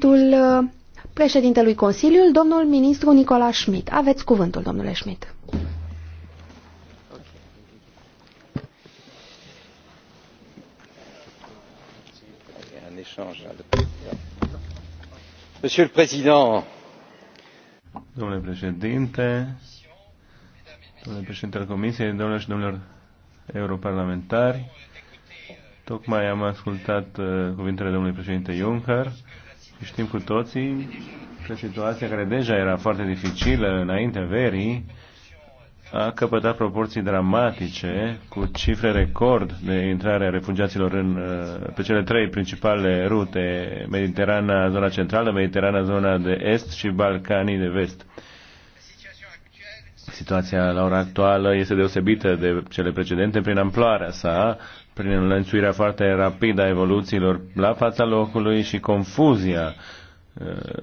cuvântul uh, președintelui Consiliul, domnul ministru Nicola Schmidt. Aveți cuvântul, domnule Schmidt. Domnule președinte, domnule președinte al Comisiei, domnule și domnilor europarlamentari, tocmai am ascultat uh, cuvintele domnului președinte Juncker Știm cu toții că situația care deja era foarte dificilă înaintea verii a căpătat proporții dramatice cu cifre record de intrare a refugiaților în, uh, pe cele trei principale rute, Mediterana, zona centrală, Mediterana, zona de est și Balcanii de vest. Situația la ora actuală este deosebită de cele precedente prin amploarea sa, prin înlănțuirea foarte rapidă a evoluțiilor la fața locului și confuzia uh,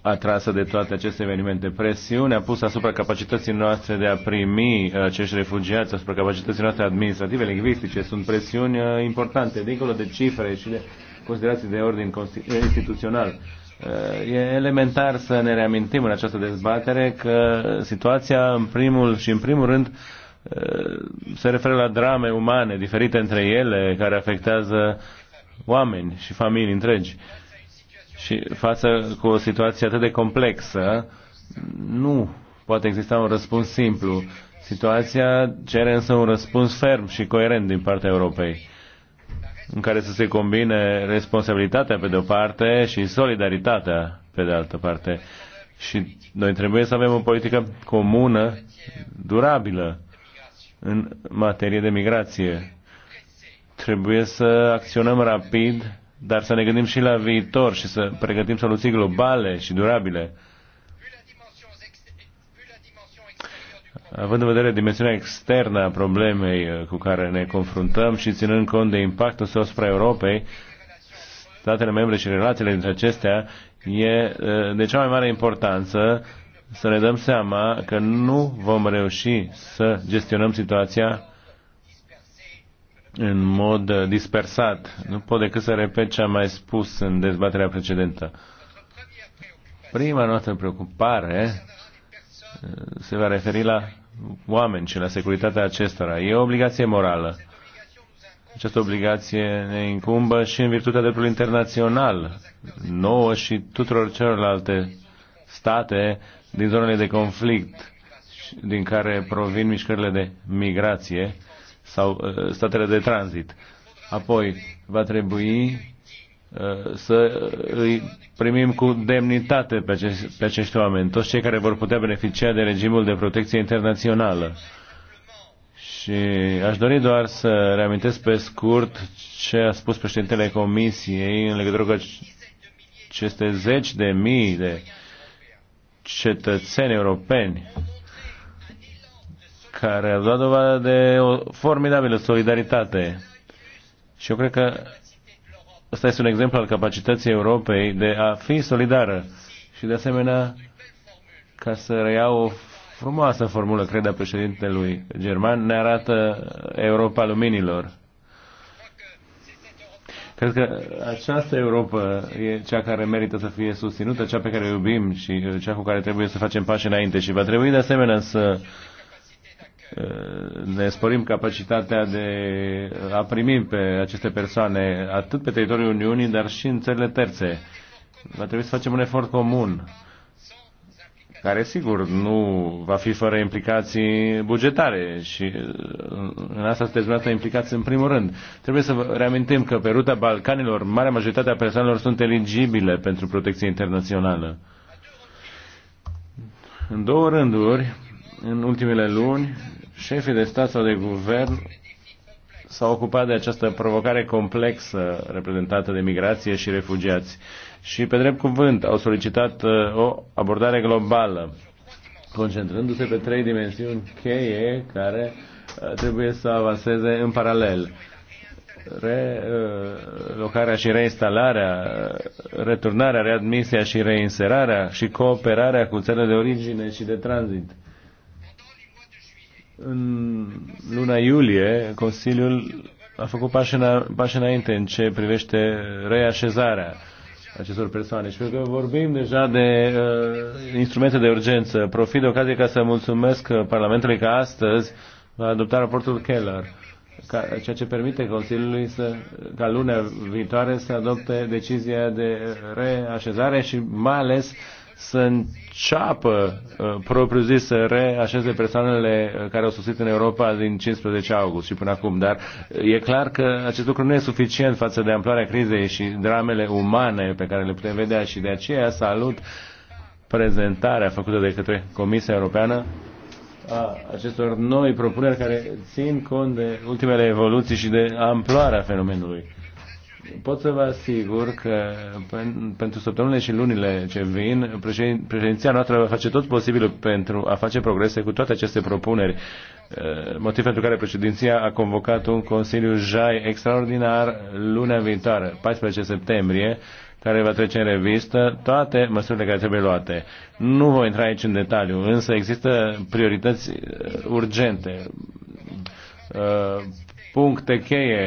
atrasă de toate aceste evenimente. Presiunea pusă asupra capacității noastre de a primi uh, acești refugiați, asupra capacității noastre administrative, lingvistice, sunt presiuni uh, importante, dincolo de cifre și de considerații de ordin eh, instituțional. E elementar să ne reamintim în această dezbatere că situația, în primul și în primul rând, se referă la drame umane diferite între ele care afectează oameni și familii întregi. Și față cu o situație atât de complexă, nu poate exista un răspuns simplu. Situația cere însă un răspuns ferm și coerent din partea Europei, în care să se combine responsabilitatea pe de o parte și solidaritatea pe de altă parte. Și noi trebuie să avem o politică comună, durabilă, în materie de migrație. Trebuie să acționăm rapid, dar să ne gândim și la viitor și să pregătim soluții globale și durabile. Având în vedere dimensiunea externă a problemei uh, cu care ne confruntăm și ținând cont de impactul său asupra Europei, statele membre și relațiile dintre acestea e uh, de cea mai mare importanță să ne dăm seama că nu vom reuși să gestionăm situația în mod dispersat. Nu pot decât să repet ce am mai spus în dezbaterea precedentă. Prima noastră preocupare uh, se va referi la oameni și la securitatea acestora. E o obligație morală. Această obligație ne incumbă și în virtutea dreptului internațional, nouă și tuturor celorlalte state din zonele de conflict din care provin mișcările de migrație sau uh, statele de tranzit. Apoi, va trebui uh, să îi primim cu demnitate pe acești, pe acești oameni, toți cei care vor putea beneficia de regimul de protecție internațională. Și aș dori doar să reamintesc pe scurt ce a spus președintele Comisiei în legătură cu aceste zeci de mii de uh, cetățeni europeni care au dat dovadă de o formidabilă solidaritate. Și eu cred că ăsta este un exemplu al capacității Europei de a fi solidară. Și de asemenea, ca să reiau o frumoasă formulă, cred, a președintelui german, ne arată Europa luminilor. Cred că această Europa e cea care merită să fie susținută, cea pe care o iubim și uh, cea cu care trebuie să facem pași înainte și va trebui de asemenea să uh, ne sporim capacitatea de a primi pe aceste persoane atât pe teritoriul Uniunii, dar și în țările terțe. Va trebui să facem un efort comun care sigur nu va fi fără implicații bugetare și în asta sunteți dumneavoastră implicați în primul rând. Trebuie să vă reamintim că pe ruta Balcanilor, marea majoritate a persoanelor sunt eligibile pentru protecție internațională. În două rânduri, în ultimele luni, șefii de stat sau de guvern s-au ocupat de această provocare complexă reprezentată de migrație și refugiați și pe drept cuvânt au solicitat uh, o abordare globală, concentrându-se pe trei dimensiuni cheie care uh, trebuie să avanseze în paralel relocarea uh, și reinstalarea, returnarea, readmisia și reinserarea și cooperarea cu țările de origine și de tranzit. În luna iulie, Consiliul a făcut pași, în, pași înainte în ce privește reașezarea acestor persoane. Și pentru că vorbim deja de uh, instrumente de urgență, profit de ocazie ca să mulțumesc uh, Parlamentului că astăzi va adopta raportul Keller, ca, ceea ce permite Consiliului să, ca lunea viitoare să adopte decizia de reașezare și mai ales uh, să înceapă uh, propriu zis să reașeze persoanele uh, care au sosit în Europa din 15 august și până acum. Dar uh, e clar că acest lucru nu e suficient față de amploarea crizei și dramele umane pe care le putem vedea și de aceea salut prezentarea făcută de către Comisia Europeană a acestor noi propuneri care țin cont de ultimele evoluții și de amploarea fenomenului pot să vă asigur că pentru săptămânile și lunile ce vin, președinția noastră va face tot posibilul pentru a face progrese cu toate aceste propuneri. Eh, motiv pentru care președinția a convocat un Consiliu JAI extraordinar lunea viitoare, 14 septembrie, care va trece în revistă toate măsurile care trebuie luate. Nu voi intra aici în detaliu, însă există priorități eh, urgente eh, puncte cheie,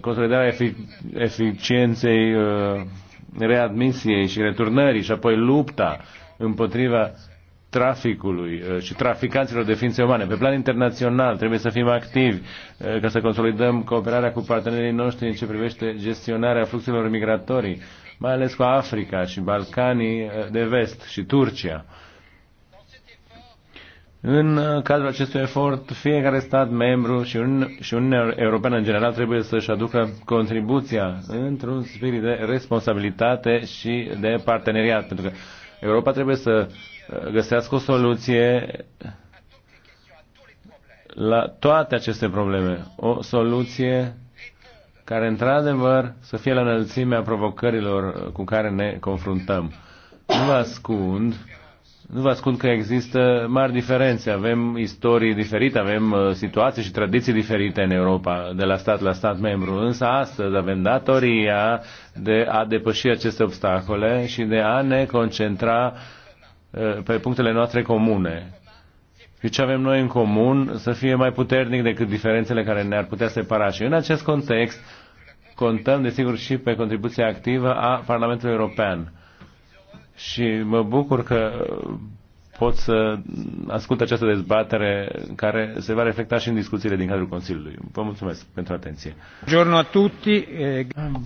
consolidarea efic- eficienței uh, readmisiei și returnării și apoi lupta împotriva traficului uh, și traficanților de ființe umane. Pe plan internațional trebuie să fim activi uh, ca să consolidăm cooperarea cu partenerii noștri în ce privește gestionarea fluxurilor migratorii, mai ales cu Africa și Balcanii de vest și Turcia. În uh, cadrul acestui efort, fiecare stat membru și, un, și Uniunea Europeană în general trebuie să-și aducă contribuția într-un spirit de responsabilitate și de parteneriat, pentru că Europa trebuie să uh, găsească o soluție la toate aceste probleme. O soluție care, într-adevăr, să fie la înălțimea provocărilor cu care ne confruntăm. Nu vă ascund nu vă ascund că există mari diferențe. Avem istorii diferite, avem uh, situații și tradiții diferite în Europa, de la stat la stat membru. Însă astăzi avem datoria de a depăși aceste obstacole și de a ne concentra uh, pe punctele noastre comune. Și ce avem noi în comun să fie mai puternic decât diferențele care ne-ar putea separa. Și în acest context contăm, desigur, și pe contribuția activă a Parlamentului European și mă bucur că pot să ascult această dezbatere care se va reflecta și în discuțiile din cadrul Consiliului. Vă mulțumesc pentru atenție. Buongiorno a tutti.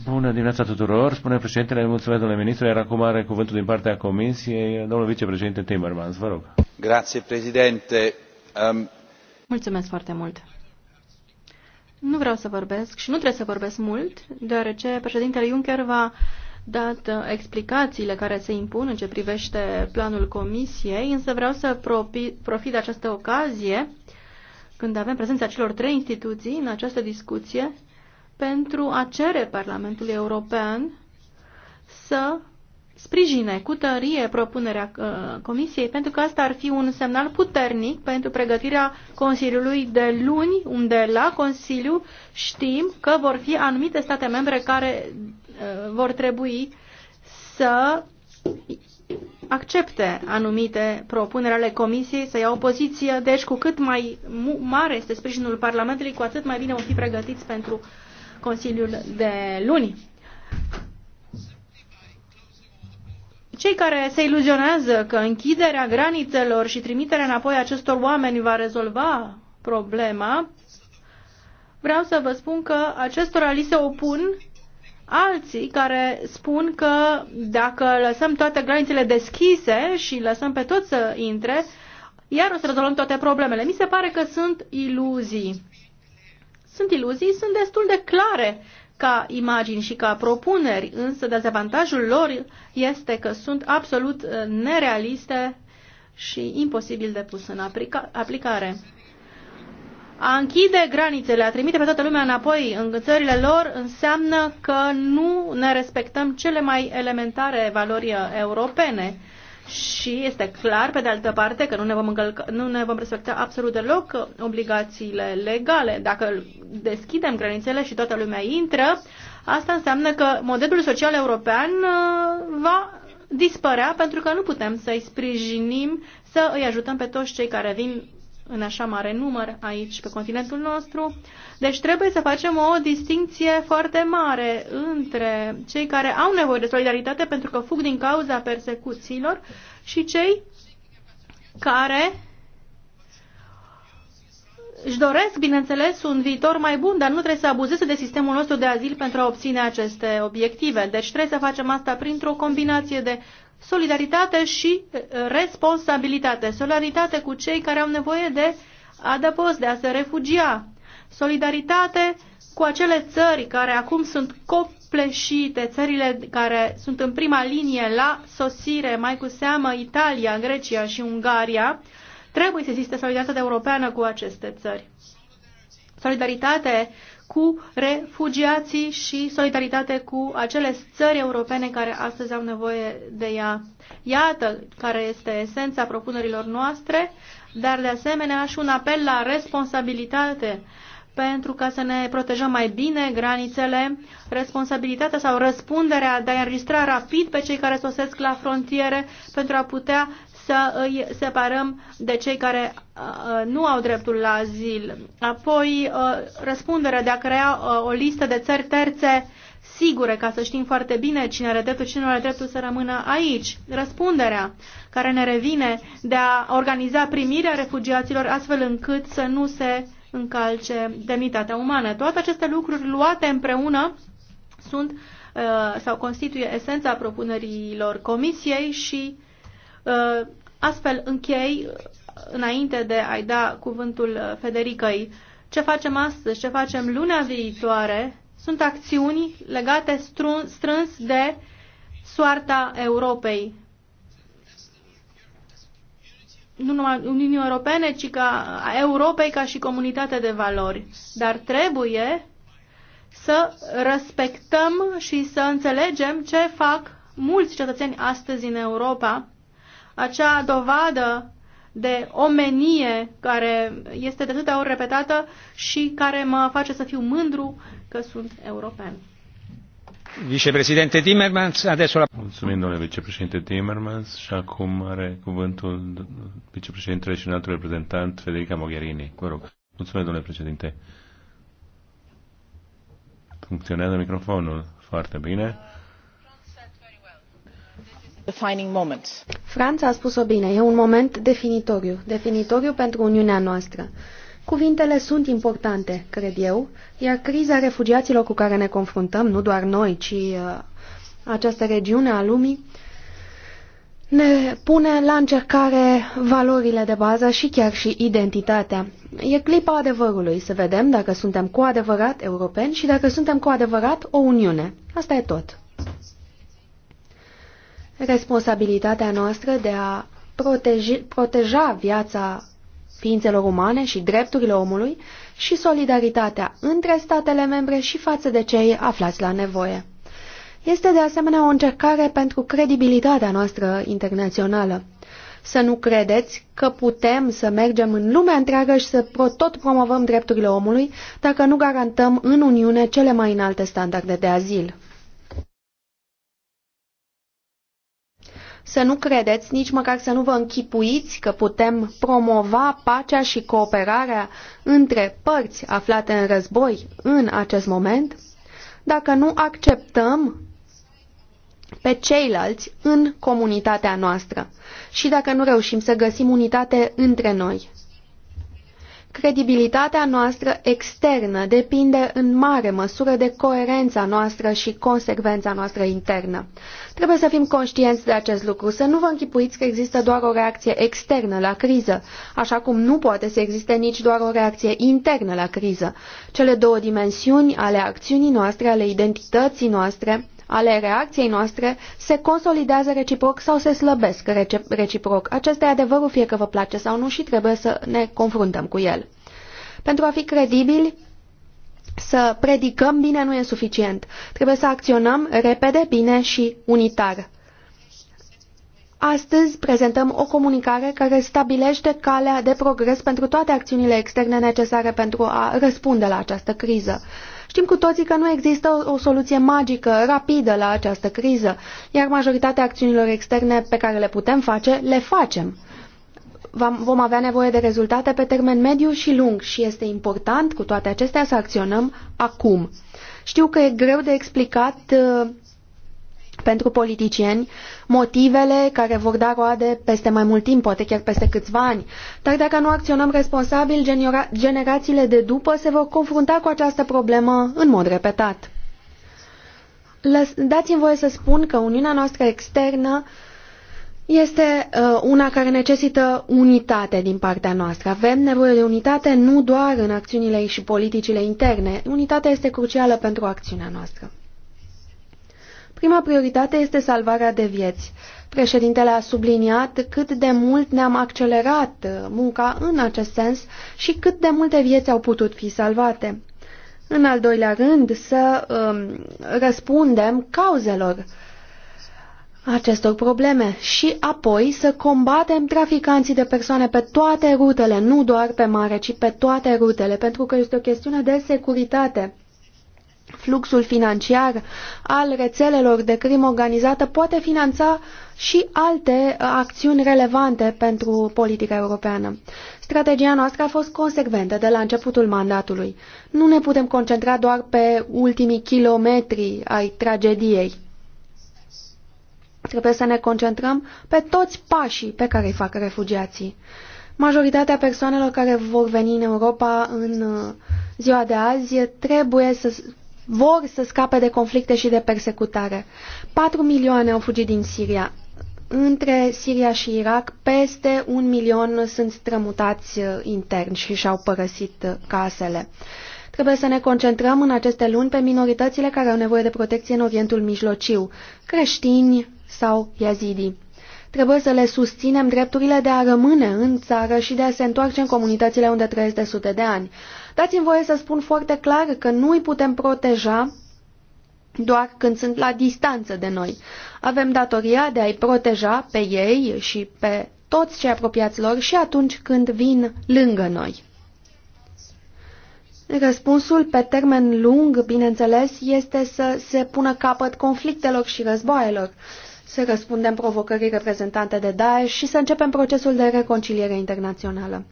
Bună dimineața tuturor. Spune președintele, mulțumesc domnule ministru, iar acum are cuvântul din partea Comisiei domnul vicepreședinte Timmermans. Vă rog. Grazie, președinte. Um... Mulțumesc foarte mult. Nu vreau să vorbesc și nu trebuie să vorbesc mult, deoarece președintele Juncker va dat uh, explicațiile care se impun în ce privește planul Comisiei, însă vreau să profit de această ocazie, când avem prezența celor trei instituții în această discuție, pentru a cere Parlamentului European să sprijine cu tărie propunerea uh, Comisiei, pentru că asta ar fi un semnal puternic pentru pregătirea Consiliului de luni, unde la Consiliu știm că vor fi anumite state membre care uh, vor trebui să accepte anumite propuneri ale Comisiei, să ia o poziție. Deci, cu cât mai mare este sprijinul Parlamentului, cu atât mai bine vom fi pregătiți pentru Consiliul de luni. Cei care se iluzionează că închiderea granițelor și trimiterea înapoi acestor oameni va rezolva problema, vreau să vă spun că acestora li se opun alții care spun că dacă lăsăm toate granițele deschise și lăsăm pe toți să intre, iar o să rezolvăm toate problemele. Mi se pare că sunt iluzii. Sunt iluzii, sunt destul de clare ca imagini și ca propuneri, însă dezavantajul lor este că sunt absolut uh, nerealiste și imposibil de pus în aplica aplicare. A închide granițele, a trimite pe toată lumea înapoi în țările lor, înseamnă că nu ne respectăm cele mai elementare valori uh, europene și este clar, pe de altă parte, că nu ne vom, încălca, nu ne vom respecta absolut deloc obligațiile legale. Dacă deschidem granițele și toată lumea intră, asta înseamnă că modelul social european uh, va dispărea pentru că nu putem să-i sprijinim, să îi ajutăm pe toți cei care vin în așa mare număr aici pe continentul nostru. Deci trebuie să facem o distinție foarte mare între cei care au nevoie de solidaritate pentru că fug din cauza persecuțiilor și cei care își doresc, bineînțeles, un viitor mai bun, dar nu trebuie să abuzeze de sistemul nostru de azil pentru a obține aceste obiective. Deci trebuie să facem asta printr-o combinație de solidaritate și eh, responsabilitate. Solidaritate cu cei care au nevoie de adăpost, de a se refugia. Solidaritate cu acele țări care acum sunt copleșite, țările care sunt în prima linie la sosire, mai cu seamă Italia, Grecia și Ungaria, trebuie să existe solidaritate europeană cu aceste țări. Solidaritate cu refugiații și solidaritate cu acele țări europene care astăzi au nevoie de ea. Iată care este esența propunerilor noastre, dar de asemenea și un apel la responsabilitate pentru ca să ne protejăm mai bine granițele, responsabilitatea sau răspunderea de a înregistra rapid pe cei care sosesc la frontiere pentru a putea să îi separăm de cei care uh, nu au dreptul la azil. Apoi, uh, răspunderea de a crea uh, o listă de țări terțe sigure, ca să știm foarte bine cine are dreptul, cine nu are dreptul să rămână aici. Răspunderea care ne revine de a organiza primirea refugiaților astfel încât să nu se încalce demnitatea umană. Toate aceste lucruri luate împreună sunt sau constituie esența propunerilor comisiei și Astfel închei, înainte de a-i da cuvântul Federicăi, ce facem astăzi, ce facem luna viitoare, sunt acțiuni legate strâns de soarta Europei. Nu numai Uniunii Europene, ci ca Europei ca și comunitate de valori. Dar trebuie să respectăm și să înțelegem ce fac mulți cetățeni astăzi în Europa acea dovadă de omenie care este de atâtea ori repetată și care mă face să fiu mândru că sunt european. Vicepreședinte Timmermans, adesso la... Mulțumim, domnule vicepreședinte Timmermans, și acum are cuvântul vicepreședintele și un alt reprezentant, Federica Mogherini. Vă rog. Mulțumesc, domnule președinte. Funcționează microfonul foarte bine. Franța a spus-o bine, e un moment definitoriu, definitoriu pentru Uniunea noastră. Cuvintele sunt importante, cred eu, iar criza refugiaților cu care ne confruntăm, nu doar noi, ci uh, această regiune a lumii, ne pune la încercare valorile de bază și chiar și identitatea. E clipa adevărului să vedem dacă suntem cu adevărat europeni și dacă suntem cu adevărat o Uniune. Asta e tot responsabilitatea noastră de a proteji, proteja viața ființelor umane și drepturile omului și solidaritatea între statele membre și față de cei aflați la nevoie. Este de asemenea o încercare pentru credibilitatea noastră internațională. Să nu credeți că putem să mergem în lumea întreagă și să tot promovăm drepturile omului dacă nu garantăm în Uniune cele mai înalte standarde de azil. să nu credeți, nici măcar să nu vă închipuiți că putem promova pacea și cooperarea între părți aflate în război în acest moment, dacă nu acceptăm pe ceilalți în comunitatea noastră și dacă nu reușim să găsim unitate între noi. Credibilitatea noastră externă depinde în mare măsură de coerența noastră și consecvența noastră internă. Trebuie să fim conștienți de acest lucru, să nu vă închipuiți că există doar o reacție externă la criză, așa cum nu poate să existe nici doar o reacție internă la criză. Cele două dimensiuni ale acțiunii noastre, ale identității noastre, ale reacției noastre se consolidează reciproc sau se slăbesc reciproc. Acesta e adevărul, fie că vă place sau nu, și trebuie să ne confruntăm cu el. Pentru a fi credibili, să predicăm bine nu e suficient. Trebuie să acționăm repede, bine și unitar. Astăzi prezentăm o comunicare care stabilește calea de progres pentru toate acțiunile externe necesare pentru a răspunde la această criză. Știm cu toții că nu există o, o soluție magică, rapidă la această criză, iar majoritatea acțiunilor externe pe care le putem face, le facem. Vom avea nevoie de rezultate pe termen mediu și lung și este important cu toate acestea să acționăm acum. Știu că e greu de explicat uh, pentru politicieni motivele care vor da roade peste mai mult timp, poate chiar peste câțiva ani. Dar dacă nu acționăm responsabil, generațiile de după se vor confrunta cu această problemă în mod repetat. Dați-mi voie să spun că Uniunea noastră externă este uh, una care necesită unitate din partea noastră. Avem nevoie de unitate nu doar în acțiunile și politicile interne. Unitatea este crucială pentru acțiunea noastră. Prima prioritate este salvarea de vieți. Președintele a subliniat cât de mult ne-am accelerat uh, munca în acest sens și cât de multe vieți au putut fi salvate. În al doilea rând, să um, răspundem cauzelor acestor probleme și apoi să combatem traficanții de persoane pe toate rutele, nu doar pe mare, ci pe toate rutele, pentru că este o chestiune de securitate. Fluxul financiar al rețelelor de crimă organizată poate finanța și alte uh, acțiuni relevante pentru politica europeană. Strategia noastră a fost consecventă de la începutul mandatului. Nu ne putem concentra doar pe ultimii kilometri ai tragediei. Trebuie să ne concentrăm pe toți pașii pe care îi fac refugiații. Majoritatea persoanelor care vor veni în Europa în uh, ziua de azi trebuie să vor să scape de conflicte și de persecutare. 4 milioane au fugit din Siria. Între Siria și Irak, peste un milion sunt strămutați uh, intern și și-au părăsit uh, casele. Trebuie să ne concentrăm în aceste luni pe minoritățile care au nevoie de protecție în Orientul Mijlociu, creștini sau yazidi. Trebuie să le susținem drepturile de a rămâne în țară și de a se întoarce în comunitățile unde trăiesc de sute de ani. Dați-mi voie să spun foarte clar că nu îi putem proteja doar când sunt la distanță de noi. Avem datoria de a-i proteja pe ei și pe toți cei apropiați lor și atunci când vin lângă noi. Răspunsul pe termen lung, bineînțeles, este să se pună capăt conflictelor și războaielor, să răspundem provocării reprezentante de Daesh și să începem procesul de reconciliere internațională.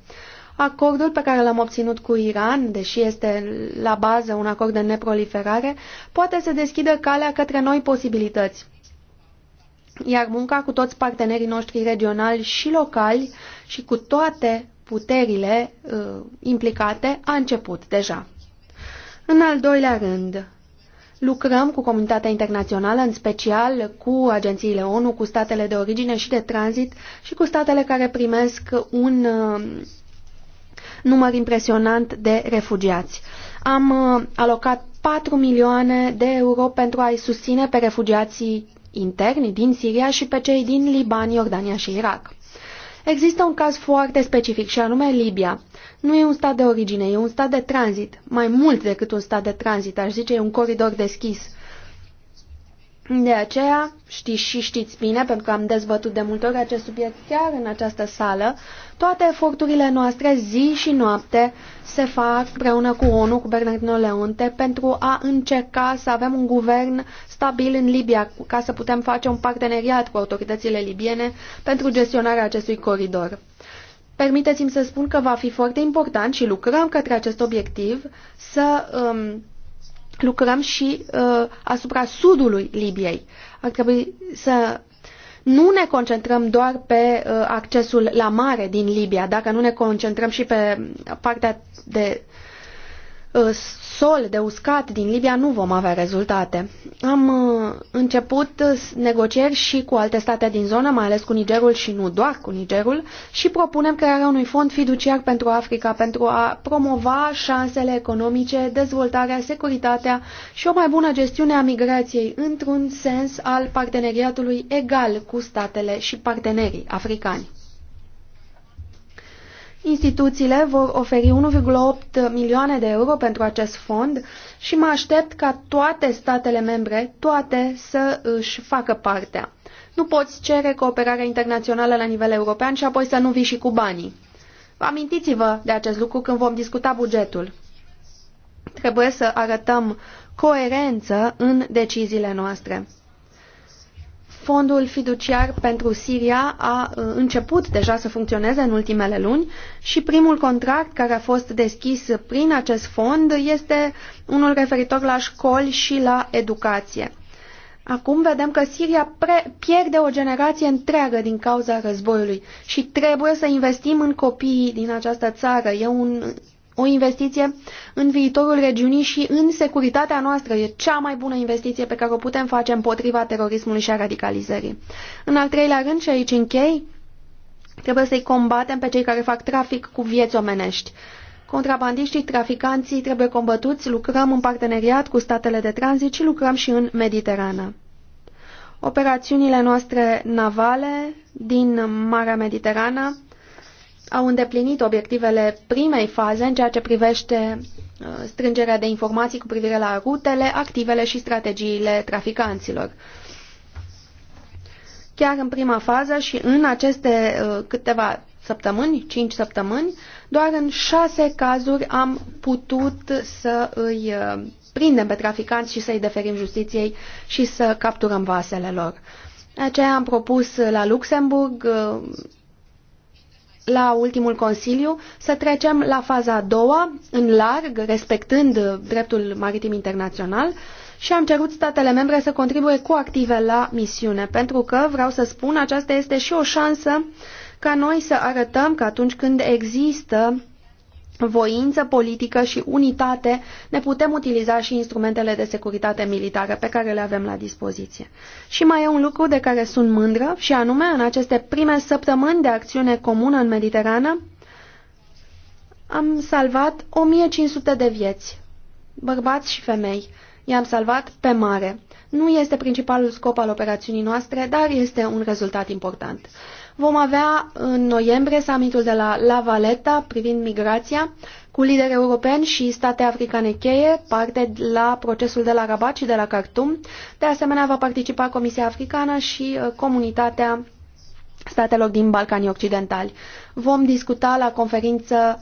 Acordul pe care l-am obținut cu Iran, deși este la bază un acord de neproliferare, poate să deschidă calea către noi posibilități. Iar munca cu toți partenerii noștri regionali și locali și cu toate puterile uh, implicate a început deja. În al doilea rând, lucrăm cu comunitatea internațională, în special cu agențiile ONU, cu statele de origine și de tranzit și cu statele care primesc un uh, număr impresionant de refugiați. Am uh, alocat 4 milioane de euro pentru a-i susține pe refugiații interni din Siria și pe cei din Liban, Iordania și Irak. Există un caz foarte specific și anume Libia. Nu e un stat de origine, e un stat de tranzit. Mai mult decât un stat de tranzit, aș zice, e un coridor deschis. De aceea, știți și știți bine, pentru că am dezbătut de multe ori acest subiect chiar în această sală, toate eforturile noastre zi și noapte se fac împreună cu ONU, cu Bernardino Leonte, pentru a încerca să avem un guvern stabil în Libia, ca să putem face un parteneriat cu autoritățile libiene pentru gestionarea acestui coridor. Permiteți-mi să spun că va fi foarte important și lucrăm către acest obiectiv să um, lucrăm și uh, asupra sudului Libiei. Ar trebui să nu ne concentrăm doar pe uh, accesul la mare din Libia, dacă nu ne concentrăm și pe partea de uh, sol de uscat din Libia nu vom avea rezultate. Am uh, început negocieri și cu alte state din zonă, mai ales cu Nigerul și nu doar cu Nigerul, și propunem crearea unui fond fiduciar pentru Africa pentru a promova șansele economice, dezvoltarea, securitatea și o mai bună gestiune a migrației într-un sens al parteneriatului egal cu statele și partenerii africani. Instituțiile vor oferi 1,8 milioane de euro pentru acest fond și mă aștept ca toate statele membre, toate, să își facă partea. Nu poți cere cooperarea internațională la nivel european și apoi să nu vii și cu banii. Amintiți-vă de acest lucru când vom discuta bugetul. Trebuie să arătăm coerență în deciziile noastre. Fondul fiduciar pentru Siria a uh, început deja să funcționeze în ultimele luni și primul contract care a fost deschis prin acest fond este unul referitor la școli și la educație. Acum vedem că Siria pierde o generație întreagă din cauza războiului și trebuie să investim în copiii din această țară. E un o investiție în viitorul regiunii și în securitatea noastră. E cea mai bună investiție pe care o putem face împotriva terorismului și a radicalizării. În al treilea rând, și aici închei, trebuie să-i combatem pe cei care fac trafic cu vieți omenești. Contrabandiștii, traficanții trebuie combătuți, lucrăm în parteneriat cu statele de tranzit și lucrăm și în Mediterană. Operațiunile noastre navale din Marea Mediterană au îndeplinit obiectivele primei faze în ceea ce privește uh, strângerea de informații cu privire la rutele, activele și strategiile traficanților. Chiar în prima fază și în aceste uh, câteva săptămâni, 5 săptămâni, doar în 6 cazuri am putut să îi uh, prindem pe traficanți și să-i deferim justiției și să capturăm vasele lor. Aceea am propus la Luxemburg la ultimul Consiliu să trecem la faza a doua, în larg, respectând dreptul maritim internațional, și am cerut statele membre să contribuie cu active la misiune, pentru că, vreau să spun, aceasta este și o șansă ca noi să arătăm că atunci când există voință politică și unitate, ne putem utiliza și instrumentele de securitate militară pe care le avem la dispoziție. Și mai e un lucru de care sunt mândră și anume în aceste prime săptămâni de acțiune comună în Mediterană am salvat 1500 de vieți, bărbați și femei. I-am salvat pe mare. Nu este principalul scop al operațiunii noastre, dar este un rezultat important. Vom avea în noiembrie summitul de la La Valeta privind migrația cu lideri europeni și state africane cheie, parte la procesul de la Rabat și de la Khartoum. De asemenea, va participa Comisia Africană și uh, comunitatea statelor din Balcanii Occidentali. Vom discuta la conferință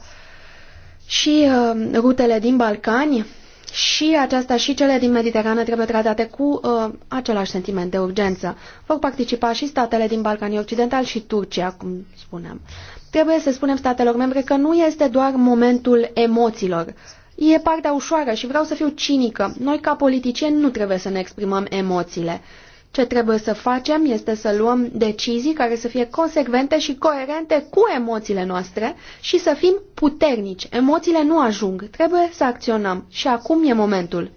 și uh, rutele din Balcani, și aceasta și cele din Mediterană trebuie tratate cu uh, același sentiment de urgență. Vor participa și statele din Balcanii Occidental și Turcia, cum spuneam. Trebuie să spunem statelor membre că nu este doar momentul emoțiilor. E partea ușoară și vreau să fiu cinică. Noi, ca politicieni, nu trebuie să ne exprimăm emoțiile. Uh, ce trebuie să facem este să luăm decizii care să fie consecvente și coerente cu emoțiile noastre și să fim puternici. Emoțiile nu ajung, trebuie să acționăm și acum e momentul.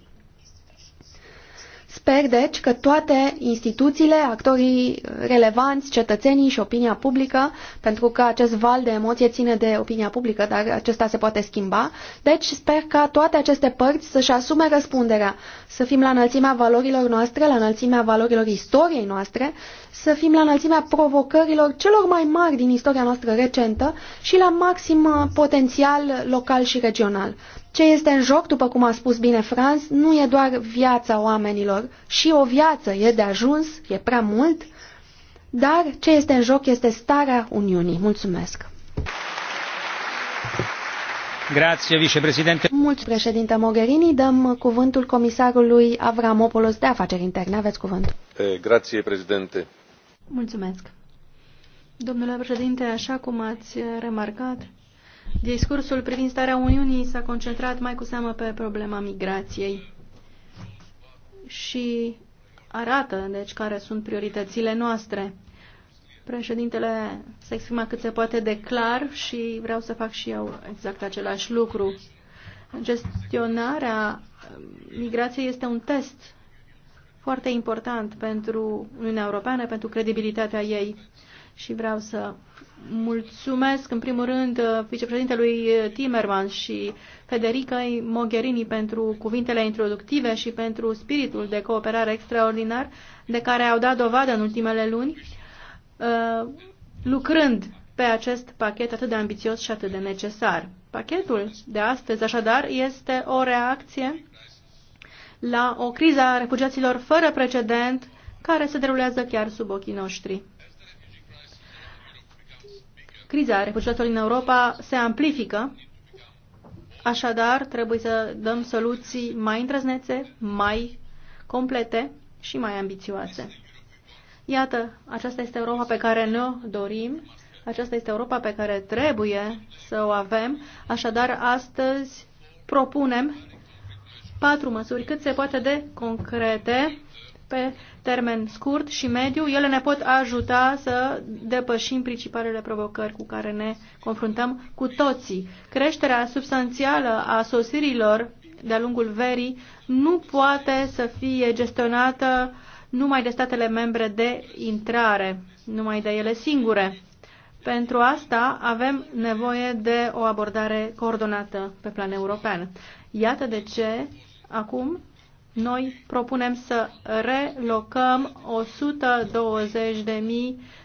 Sper, deci, că toate instituțiile, actorii relevanți, cetățenii și opinia publică, pentru că acest val de emoție ține de opinia publică, dar acesta se poate schimba, deci sper ca toate aceste părți să-și asume răspunderea, să fim la înălțimea valorilor noastre, la înălțimea valorilor istoriei noastre, să fim la înălțimea provocărilor celor mai mari din istoria noastră recentă și la maxim uh, potențial local și regional. Ce este în joc, după cum a spus bine Franz, nu e doar viața oamenilor. Și o viață e de ajuns, e prea mult, dar ce este în joc este starea Uniunii. Mulțumesc! Grazie, vicepreședinte. Mulțumesc, președinte Mogherini, dăm cuvântul comisarului Avramopoulos de afaceri interne. Aveți cuvânt. Eh, grazie, președinte. Mulțumesc. Domnule președinte, așa cum ați remarcat, Discursul privind starea Uniunii s-a concentrat mai cu seamă pe problema migrației și arată, deci, care sunt prioritățile noastre. Președintele se exprimă cât se poate de clar și vreau să fac și eu exact același lucru. Gestionarea um, migrației este un test foarte important pentru Uniunea Europeană, pentru credibilitatea ei și vreau să Mulțumesc, în primul rând, uh, vicepreședintelui Timerman și Federica Mogherini pentru cuvintele introductive și pentru spiritul de cooperare extraordinar de care au dat dovadă în ultimele luni, uh, lucrând pe acest pachet atât de ambițios și atât de necesar. Pachetul de astăzi, așadar, este o reacție la o criză a refugiaților fără precedent care se derulează chiar sub ochii noștri. Criza refugiaților în Europa se amplifică, așadar trebuie să dăm soluții mai îndrăznețe, mai complete și mai ambițioase. Iată, aceasta este Europa pe care ne-o dorim, aceasta este Europa pe care trebuie să o avem, așadar astăzi propunem patru măsuri cât se poate de concrete pe termen scurt și mediu, ele ne pot ajuta să depășim principalele provocări cu care ne confruntăm cu toții. Creșterea substanțială a sosirilor de-a lungul verii nu poate să fie gestionată numai de statele membre de intrare, numai de ele singure. Pentru asta avem nevoie de o abordare coordonată pe plan european. Iată de ce acum noi propunem să relocăm 120.000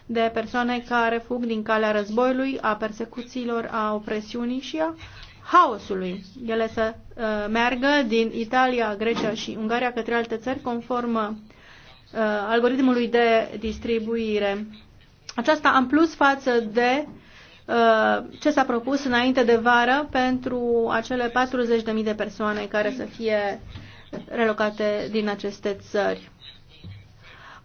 de persoane care fug din calea războiului, a persecuțiilor, a opresiunii și a haosului. Ele să uh, meargă din Italia, Grecia și Ungaria către alte țări conform uh, algoritmului de distribuire. Aceasta în plus față de uh, ce s-a propus înainte de vară pentru acele 40.000 de persoane care să fie uh, relocate din aceste țări.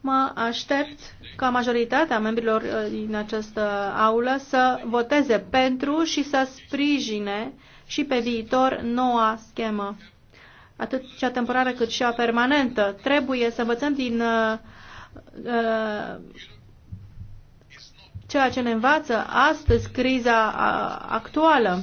Mă aștept ca majoritatea membrilor uh, din această aulă să voteze pentru și să sprijine și pe viitor noua schemă, atât cea temporară cât și a permanentă. Trebuie să învățăm din uh, uh ceea ce ne învață astăzi criza uh, actuală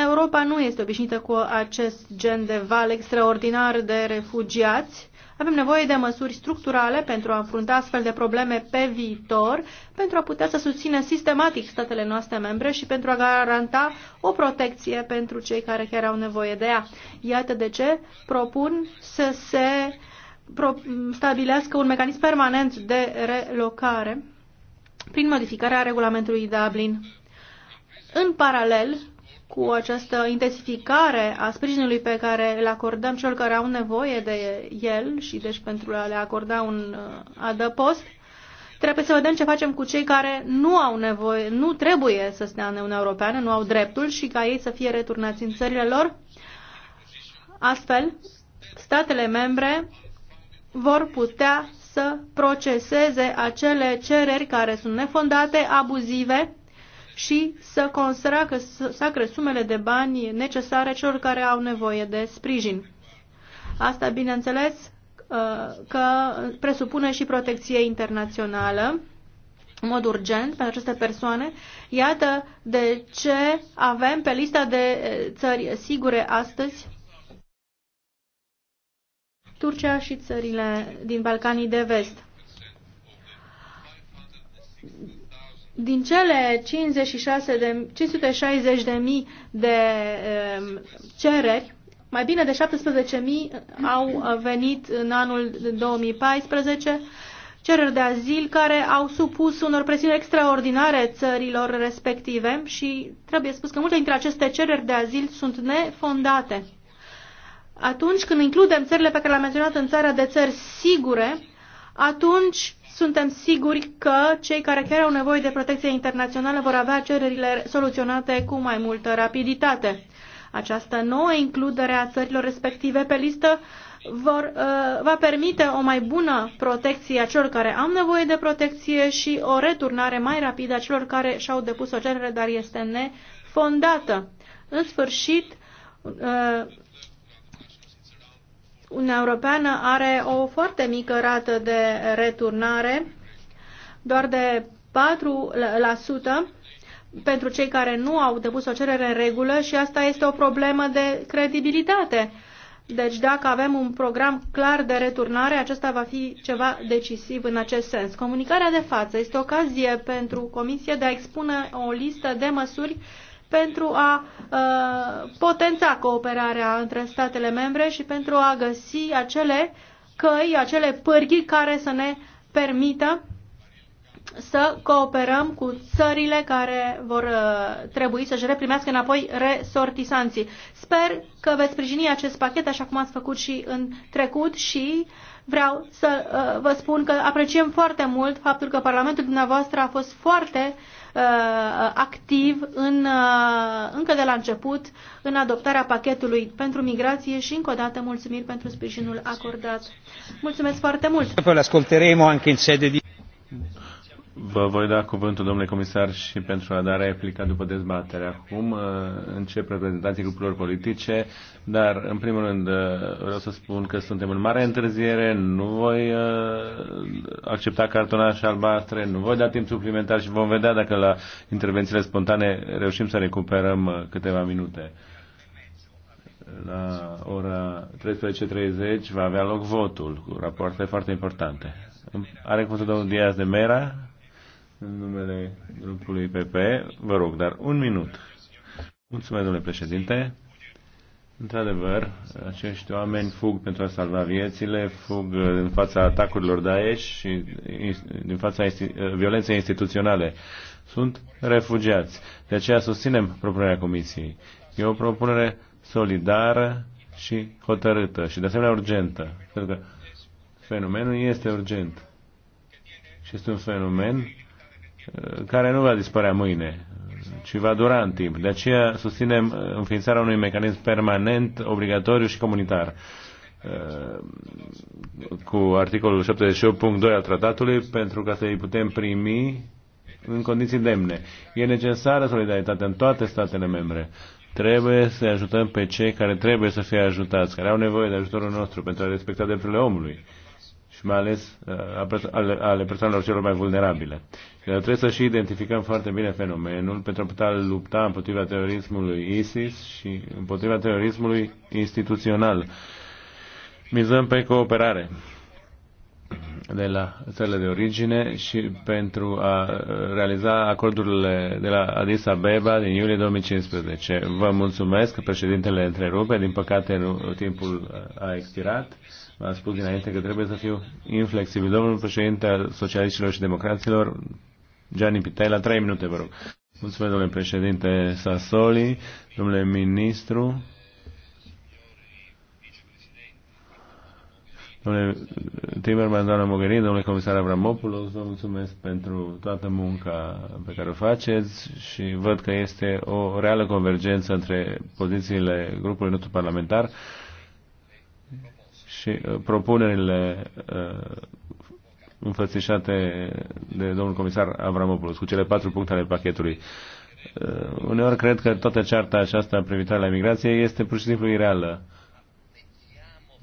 Europa nu este obișnuită cu acest gen de val extraordinar de refugiați. Avem nevoie de măsuri structurale pentru a înfrunta astfel de probleme pe viitor, pentru a putea să susține sistematic statele noastre membre și pentru a garanta o protecție pentru cei care chiar au nevoie de ea. Iată de ce propun să se stabilească un mecanism permanent de relocare prin modificarea regulamentului Dublin. În paralel, cu această intensificare a sprijinului pe care îl acordăm celor care au nevoie de el și deci pentru a le acorda un uh, adăpost, trebuie să vedem ce facem cu cei care nu au nevoie, nu trebuie să stea în Uniunea Europeană, nu au dreptul și ca ei să fie returnați în țările lor. Astfel, statele membre vor putea să proceseze acele cereri care sunt nefondate, abuzive și să consacre, sacre sumele de bani necesare celor care au nevoie de sprijin. Asta, bineînțeles, uh, că presupune și protecție internațională în mod urgent pentru aceste persoane. Iată de ce avem pe lista de uh, țări sigure astăzi Turcia și țările din Balcanii de Vest. Din cele 56 de, 560 de mii de um, cereri, mai bine de 17.000 au venit în anul 2014 cereri de azil care au supus unor presiuni extraordinare țărilor respective și trebuie spus că multe dintre aceste cereri de azil sunt nefondate. Atunci când includem țările pe care le-am menționat în țara de țări sigure, atunci suntem siguri că cei care chiar au nevoie de protecție internațională vor avea cererile soluționate cu mai multă rapiditate. Această nouă includere a țărilor respective pe listă vor, uh, va permite o mai bună protecție a celor care au nevoie de protecție și o returnare mai rapidă a celor care și-au depus o cerere, dar este nefondată. În sfârșit, uh, Uniunea Europeană are o foarte mică rată de returnare, doar de 4% pentru cei care nu au depus o cerere în regulă și asta este o problemă de credibilitate. Deci dacă avem un program clar de returnare, acesta va fi ceva decisiv în acest sens. Comunicarea de față este ocazie pentru Comisie de a expune o listă de măsuri uh, pentru a uh, potența cooperarea între statele membre și pentru a găsi acele căi, acele pârghii care să ne permită să cooperăm cu țările care vor uh, trebui să-și reprimească înapoi resortisanții. Sper că veți sprijini acest pachet așa cum ați făcut și în trecut și vreau să uh, vă spun că apreciem foarte mult faptul că Parlamentul dumneavoastră a fost foarte uh, Uh, activ în, uh, încă de la început în adoptarea pachetului pentru migrație și încă o dată mulțumiri pentru sprijinul acordat. Mulțumesc foarte mult! Vă voi da cuvântul, domnule comisar, și pentru a da replica după dezbatere. Acum uh, încep reprezentanții grupurilor politice, dar, în primul rând, uh, vreau să spun că suntem în mare întârziere, nu voi uh, accepta cartonașe albastre, nu voi da timp suplimentar și vom vedea dacă la intervențiile spontane reușim să recuperăm câteva minute. La ora 13.30 va avea loc votul cu rapoarte foarte importante. Are cuvântul domnul Diaz de Mera, în numele grupului PP. Vă rog, dar un minut. Mulțumesc, domnule președinte. Într-adevăr, acești oameni fug pentru a salva viețile, fug din fața atacurilor Daesh și din fața violenței instituționale. Sunt refugiați. De aceea susținem propunerea Comisiei. E o propunere solidară și hotărâtă și de asemenea urgentă. Pentru că fenomenul este urgent. Și este un fenomen care nu va dispărea mâine, ci va dura în timp. De aceea susținem înființarea unui mecanism permanent, obligatoriu și comunitar uh, cu articolul 78.2 al tratatului pentru ca să îi putem primi în condiții demne. E necesară solidaritate în toate statele membre. Trebuie să ajutăm pe cei care trebuie să fie ajutați, care au nevoie de ajutorul nostru pentru a respecta drepturile omului și mai ales uh, ale, ale persoanelor celor mai vulnerabile. Uh, trebuie să și identificăm foarte bine fenomenul pentru a putea lupta împotriva terorismului ISIS și împotriva terorismului instituțional. Mizăm pe cooperare de la țările de origine și pentru a uh, realiza acordurile de la Addis Abeba din iulie 2015. Vă mulțumesc că președintele întrerupe, din păcate timpul uh, a expirat. V-am spus dinainte că trebuie să fiu inflexibil. Domnul președinte al Socialiștilor și Democraților, Gianni Pitai, la trei minute, vă rog. Mulțumesc, domnule președinte Sassoli, domnule ministru. Domnule Timerman, doamna Mogherini, domnule comisar Avramopoulos, vă mulțumesc pentru toată munca pe care o faceți și văd că este o reală convergență între pozițiile grupului nostru parlamentar și uh, propunerile uh, înfățișate de domnul comisar Avramopoulos cu cele patru puncte ale pachetului. Uh, uneori cred că toată cearta aceasta privitoare la migrație este pur și simplu ireală.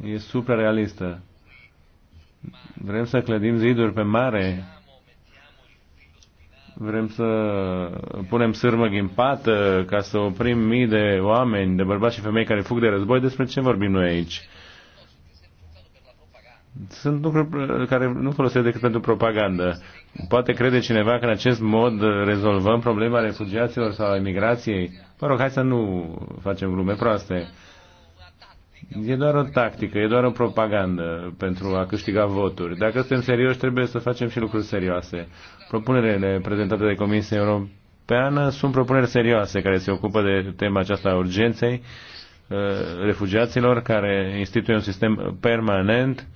E suprarealistă. Vrem să clădim ziduri pe mare, vrem să punem sârmă ghimpată ca să oprim mii de oameni, de bărbați și femei care fug de război, despre ce vorbim noi aici? Sunt lucruri care nu folosesc decât pentru propagandă. Poate crede cineva că în acest mod rezolvăm problema refugiaților sau a imigrației? Mă rog, hai să nu facem glume proaste. E doar o tactică, e doar o propagandă pentru a câștiga voturi. Dacă suntem serioși, trebuie să facem și lucruri serioase. Propunerele prezentate de Comisia Europeană sunt propuneri serioase care se ocupă de tema aceasta a urgenței uh, refugiaților, care instituie un sistem permanent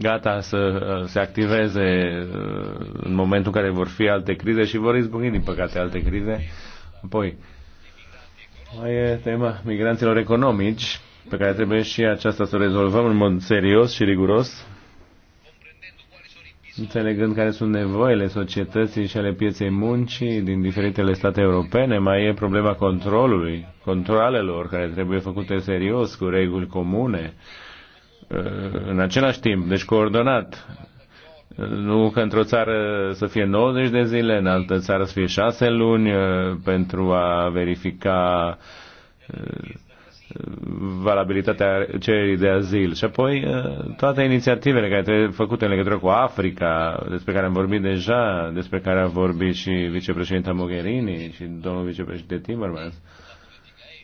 gata să uh, se activeze uh, în momentul în care vor fi alte crize și vor izbucni, din păcate, alte crize. Apoi, mai e tema migranților economici, pe care trebuie și aceasta să o rezolvăm în mod serios și riguros, înțelegând care sunt nevoile societății și ale pieței muncii din diferitele state europene. Mai e problema controlului, controlelor care trebuie făcute serios, cu reguli comune, în același timp, deci coordonat nu că într-o țară să fie 90 de zile, în altă țară să fie 6 luni uh, pentru a verifica uh, valabilitatea cererii de azil. Și apoi uh, toate inițiativele care trebuie făcute în legătură cu Africa, despre care am vorbit deja, despre care a vorbit și vicepreședinta Mogherini și domnul vicepreședinte Timmermans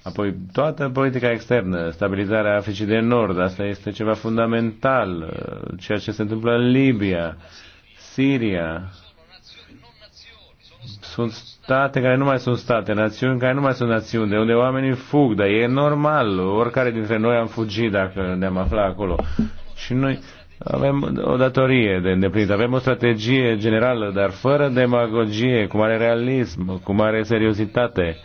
Apoi, toată politica externă, stabilizarea Africii de Nord, asta este ceva fundamental, uh, ceea ce se întâmplă în Libia, Siria. Sunt state care nu mai sunt state, națiuni care nu mai sunt națiuni, de unde oamenii fug, dar e normal, oricare dintre noi am fugit dacă ne-am aflat acolo. Și noi avem o datorie de îndeplinit, avem o strategie generală, dar fără demagogie, cu mare realism, cu mare seriozitate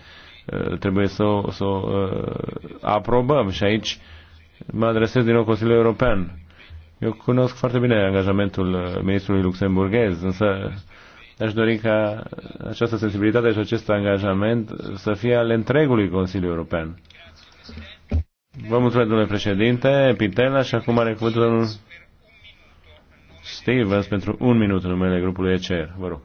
Eh, trebuie să o, să o eh, aprobăm și aici mă adresez din nou Consiliul European. Eu cunosc foarte bine angajamentul eh, ministrului luxemburghez, însă aș dori ca această sensibilitate și acest angajament să fie al întregului Consiliu European. Vă mulțumesc, domnule președinte, Pitela, și acum are cuvântul domnul Stevens pentru un minut în numele grupului ECR. Vă rog.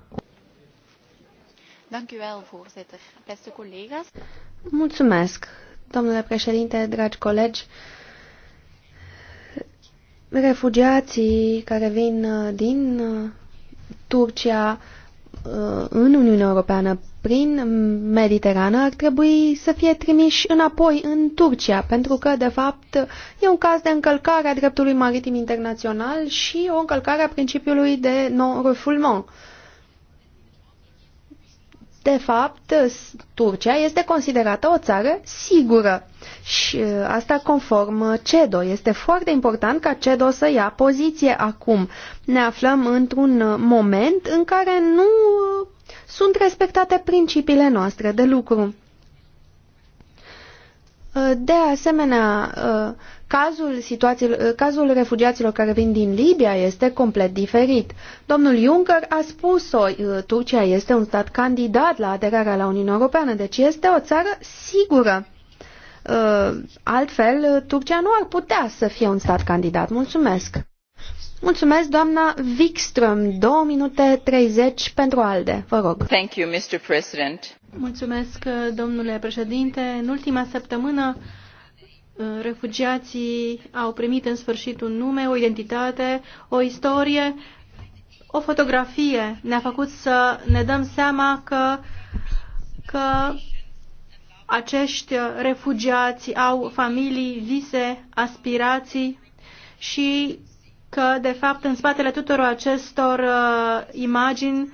Mulțumesc, domnule președinte, dragi colegi. Refugiații care vin uh, din uh, Turcia uh, în Uniunea Europeană prin Mediterană ar trebui să fie trimiși înapoi în Turcia, pentru că, de fapt, e un caz de încălcare a dreptului maritim internațional și o încălcare a principiului de non-refoulement de fapt, Turcia este considerată o țară sigură și uh, asta conform uh, CEDO. Este foarte important ca CEDO să ia poziție acum. Ne aflăm într-un uh, moment în care nu sunt respectate principiile noastre de lucru. De asemenea, Cazul, eh, cazul refugiaților care vin din Libia este complet diferit. Domnul Juncker a spus-o, eh, Turcia este un stat candidat la aderarea la Uniunea Europeană, deci este o țară sigură. Eh, altfel, Turcia nu ar putea să fie un stat candidat. Mulțumesc! Mulțumesc, doamna Wikström, 2 minute 30 pentru ALDE, vă rog. Thank you, Mr. President. Mulțumesc, domnule președinte. În ultima săptămână, Uh, refugiații au primit în sfârșit un nume, o identitate, o istorie, o fotografie. Ne-a făcut să ne dăm seama că, că acești refugiați au familii, vise, aspirații și că, de fapt, în spatele tuturor acestor uh, imagini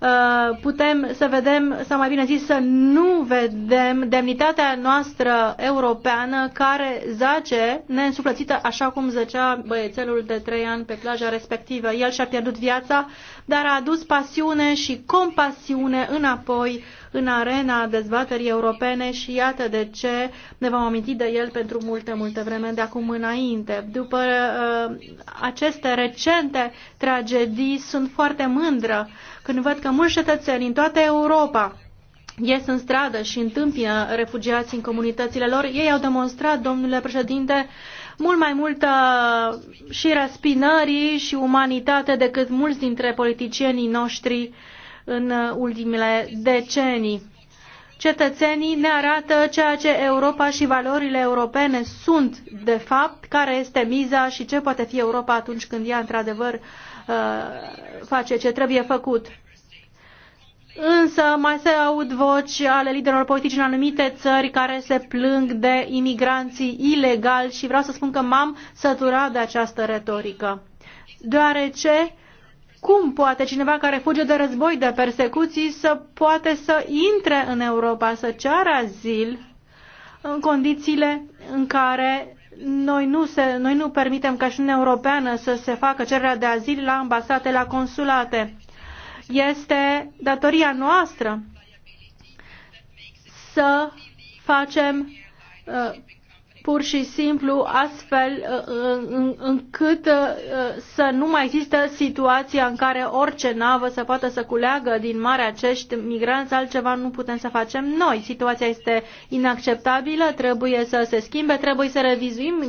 Uh, putem să vedem, sau mai bine zis, să nu vedem demnitatea noastră europeană care zace neînsuflățită așa cum zăcea băiețelul de trei ani pe plaja respectivă. El și-a pierdut viața, dar a adus pasiune și compasiune înapoi în arena dezbaterii europene și iată de ce ne vom aminti de el pentru multe, multe vreme de acum înainte. După uh, aceste recente tragedii sunt foarte mândră când văd că mulți cetățeni în toată Europa ies în stradă și întâmpină refugiații în comunitățile lor, ei au demonstrat, domnule președinte, mult mai multă uh, și răspinării și umanitate decât mulți dintre politicienii noștri în uh, ultimele decenii. Cetățenii ne arată ceea ce Europa și valorile europene sunt, de fapt, care este miza și ce poate fi Europa atunci când ea, într-adevăr, Uh, face ce trebuie făcut. Însă mai se aud voci ale liderilor politici în anumite țări care se plâng de imigranții ilegali și vreau să spun că m-am săturat de această retorică. Deoarece cum poate cineva care fuge de război, de persecuții, să poate să intre în Europa, să ceară azil în condițiile în care noi nu, se, noi nu permitem ca și Uniunea Europeană să se facă cererea de azil la ambasate, la consulate. Este datoria noastră să facem uh, pur și simplu astfel uh, încât uh, să nu mai există situația în care orice navă să poată să culeagă din mare acești migranți, altceva nu putem să facem noi. Situația este inacceptabilă, trebuie să se schimbe, trebuie să revizuim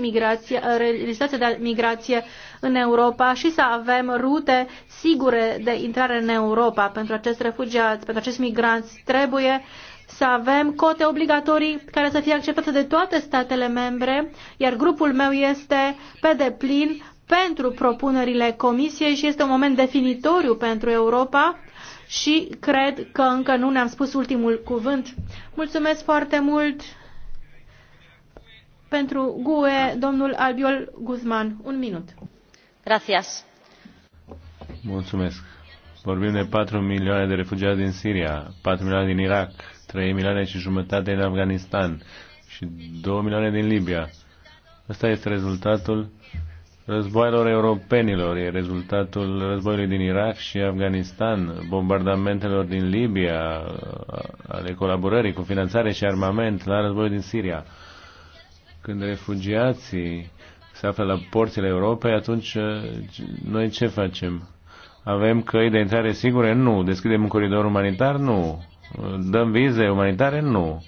legislația de migrație în Europa și să avem rute sigure de intrare în Europa pentru acest refugiați, pentru acești migranți. Trebuie să avem cote obligatorii care să fie acceptate de toate statele membre, iar grupul meu este pe deplin pentru propunerile Comisiei și este un moment definitoriu pentru Europa și cred că încă nu ne-am spus ultimul cuvânt. Mulțumesc foarte mult pentru GUE, domnul Albiol Guzman. Un minut. Gracias. Mulțumesc. Vorbim de 4 milioane de refugiați din Siria, 4 milioane din Irak, 3 milioane și jumătate din Afganistan și 2 milioane din Libia. Asta este rezultatul războaielor europenilor, e rezultatul războiului din Irak și Afganistan, bombardamentelor din Libia, uh, ale colaborării cu finanțare și armament la războiul din Siria. Când refugiații se află la porțile Europei, atunci uh, noi ce facem? Avem căi de intrare sigure? Nu. Deschidem un coridor umanitar? Nu. Dăm vize umanitare? Nu.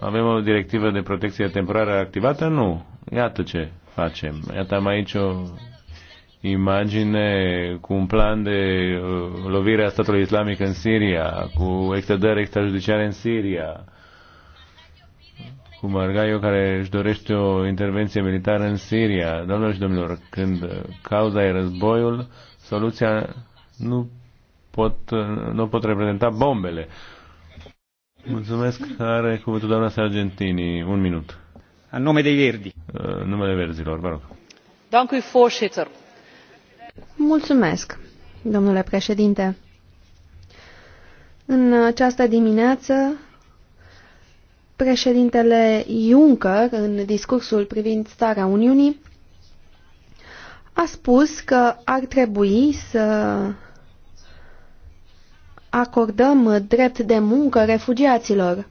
Avem o directivă de protecție temporară activată? Nu. Iată ce facem. Iată am aici o imagine cu un plan de uh, lovire a statului islamic în Siria, cu extradări extrajudiciare în Siria, cu Margaio care își dorește o intervenție militară în Siria. Domnilor și domnilor, când cauza e războiul, soluția nu pot, uh, nu pot reprezenta bombele. Mulțumesc. Are cuvântul doamna Sargentini. Un minut. În nume de Verdi. Numele Verzilor, vă rog. Mulțumesc, domnule președinte. În această dimineață, președintele Juncker, în discursul privind starea Uniunii, a spus că ar trebui să acordăm drept de muncă refugiaților.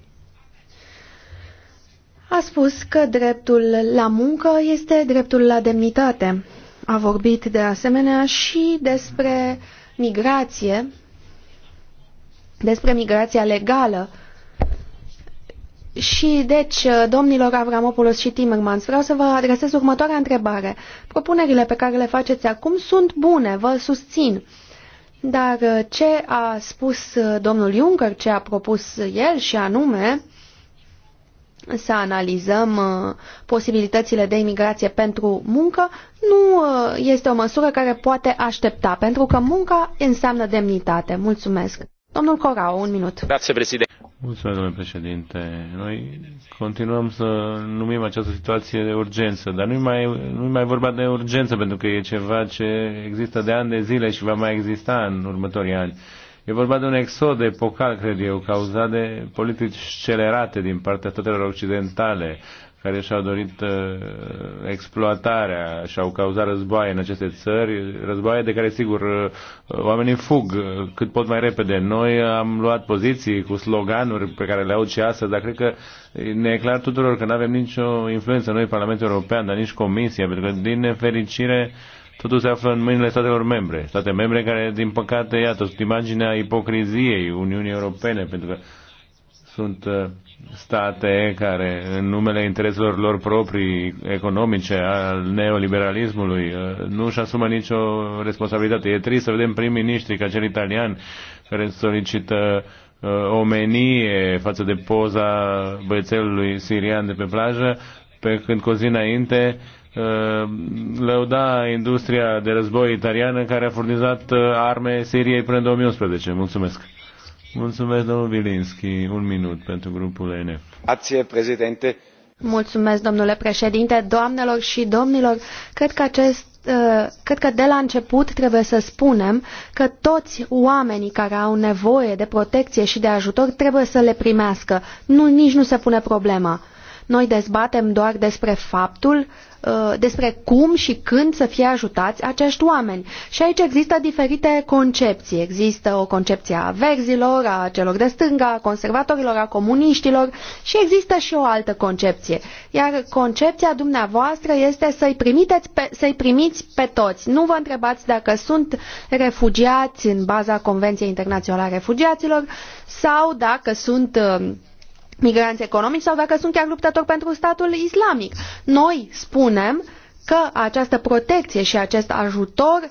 A spus că dreptul la muncă este dreptul la demnitate. A vorbit de asemenea și despre migrație, despre migrația legală. Și deci, domnilor Avramopoulos și Timmermans, vreau să vă adresez următoarea întrebare. Propunerile pe care le faceți acum sunt bune, vă susțin. Dar uh, ce a spus uh, domnul Juncker, ce a propus el și anume să analizăm uh, posibilitățile de imigrație pentru muncă, nu este o măsură care poate aștepta, pentru că munca înseamnă demnitate. Mulțumesc! Domnul Corau, un minut. Grazie, președinte. Mulțumesc, domnule președinte. Noi continuăm să numim această situație de urgență, dar nu-i mai, nu mai vorba de urgență, pentru că e ceva ce există de ani de zile și va mai exista în următorii ani. E vorba de un exod epocal, cred eu, cauzat de politici scelerate din partea statelor occidentale, care și-au dorit uh, exploatarea și au cauzat războaie în aceste țări, războaie de care, sigur, uh, oamenii fug cât pot mai repede. Noi am luat poziții cu sloganuri pe care le au și astăzi, dar cred că ne e clar tuturor că nu avem nicio influență noi, Parlamentul European, dar nici Comisia, pentru că, din nefericire, totul se află în mâinile statelor membre. State membre care, din păcate, iată, sunt imaginea ipocriziei Uniunii Europene, pentru că sunt uh, state care, în numele intereselor lor proprii economice, al neoliberalismului, uh, nu își asumă nicio responsabilitate. E trist să vedem prim-ministri ca cel italian care solicită uh, omenie față de poza băiețelului sirian de pe plajă, pe când cu zi înainte uh, lăuda industria de război italiană care a furnizat arme Siriei până în 2011. Mulțumesc! Mulțumesc, domnul Vilinski. Un minut pentru grupul ENF. Ație, președinte. Mulțumesc, domnule președinte, doamnelor și domnilor. Cred că acest uh, cred că de la început trebuie să spunem că toți oamenii care au nevoie de protecție și de ajutor trebuie să le primească. Nu, nici nu se pune problema. Noi dezbatem doar despre faptul Uh, despre cum și când să fie ajutați acești oameni. Și aici există diferite concepții. Există o concepție a verzilor, a celor de stânga, a conservatorilor, a comuniștilor și există și o altă concepție. Iar concepția dumneavoastră este să-i, pe, să primiți pe toți. Nu vă întrebați dacă sunt refugiați în baza Convenției Internaționale a Refugiaților sau dacă sunt uh, migranți economici sau dacă sunt chiar luptători pentru statul islamic. Noi spunem că această protecție și acest ajutor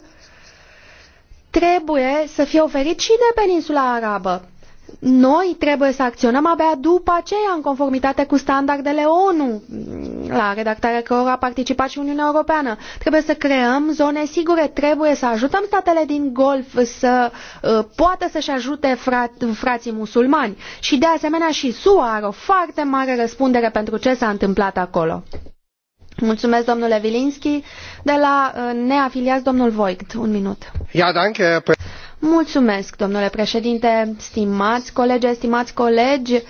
trebuie să fie oferit și de peninsula arabă noi trebuie să acționăm abia după aceea, în conformitate cu standardele ONU, la redactarea cărora a participat și Uniunea Europeană. Trebuie să creăm zone sigure, trebuie să ajutăm statele din Golf să uh, poată să-și ajute fra- frații musulmani. Și de asemenea și SUA are o foarte mare răspundere pentru ce s-a întâmplat acolo. Mulțumesc, domnule Vilinski. De la uh, neafiliați, domnul Voigt. Un minut. Ja, danke. Mulțumesc, domnule președinte, stimați colegi, stimați colegi.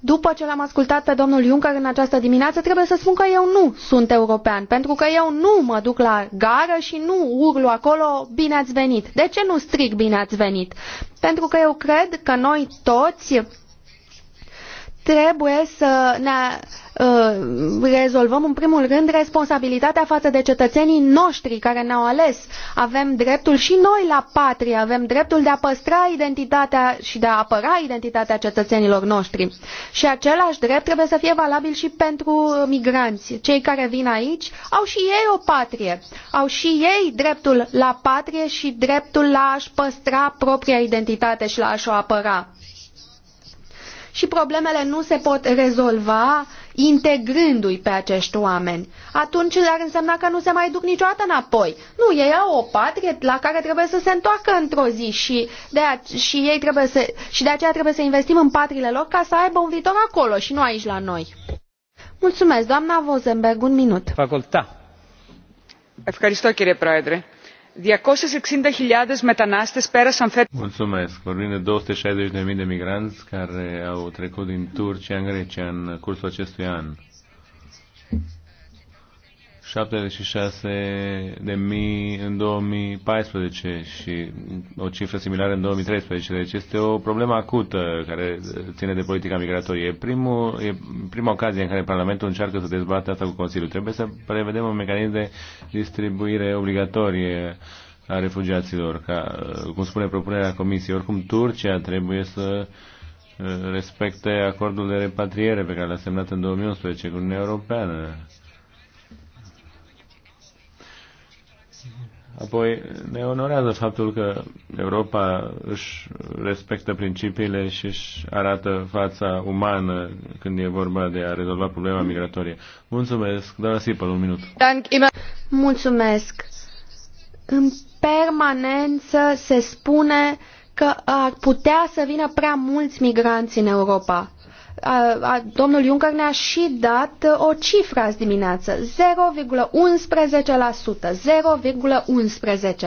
După ce l-am ascultat pe domnul Juncker în această dimineață, trebuie să spun că eu nu sunt european, pentru că eu nu mă duc la gară și nu urlu acolo bine ați venit. De ce nu strig bine ați venit? Pentru că eu cred că noi toți trebuie să ne uh, rezolvăm în primul rând responsabilitatea față de cetățenii noștri care ne-au ales. Avem dreptul și noi la patrie, avem dreptul de a păstra identitatea și de a apăra identitatea cetățenilor noștri. Și același drept trebuie să fie valabil și pentru migranți. Cei care vin aici au și ei o patrie, au și ei dreptul la patrie și dreptul la a-și păstra propria identitate și la a-și o apăra și problemele nu se pot rezolva integrându-i pe acești oameni. Atunci ar însemna că nu se mai duc niciodată înapoi. Nu, ei au o patrie la care trebuie să se întoarcă într-o zi și de, a, și, ei trebuie să, și de aceea trebuie să investim în patriile lor ca să aibă un viitor acolo și nu aici la noi. Mulțumesc, doamna Vozenberg, un minut. Faculta. Ευχαριστώ κύριε Πρόεδρε. 260.000 μετανάστες πέρασαν φέτος. Mulțumesc. Vorbim de 260.000 de migranți care au trecut din Turcia în Grecia în cursul acestui an. 76 de mii în 2014 și o cifră similară în 2013. Deci este o problemă acută care ține de politica migratorie. E, primul, e prima ocazie în care Parlamentul încearcă să dezbată asta cu Consiliul. Trebuie să prevedem un mecanism de distribuire obligatorie a refugiaților, ca, cum spune propunerea Comisiei. Oricum, Turcia trebuie să uh, respecte acordul de repatriere pe care l-a semnat în 2011 cu Uniunea Europeană Apoi ne onorează faptul că Europa își respectă principiile și își arată fața umană când e vorba de a rezolva problema migratorie. Mulțumesc, doamna sipă, un minut. Mulțumesc. În permanență se spune că ar putea să vină prea mulți migranți în Europa a, a, domnul Juncker ne-a și dat uh, o cifră azi dimineață, 0,11%, 0,11%.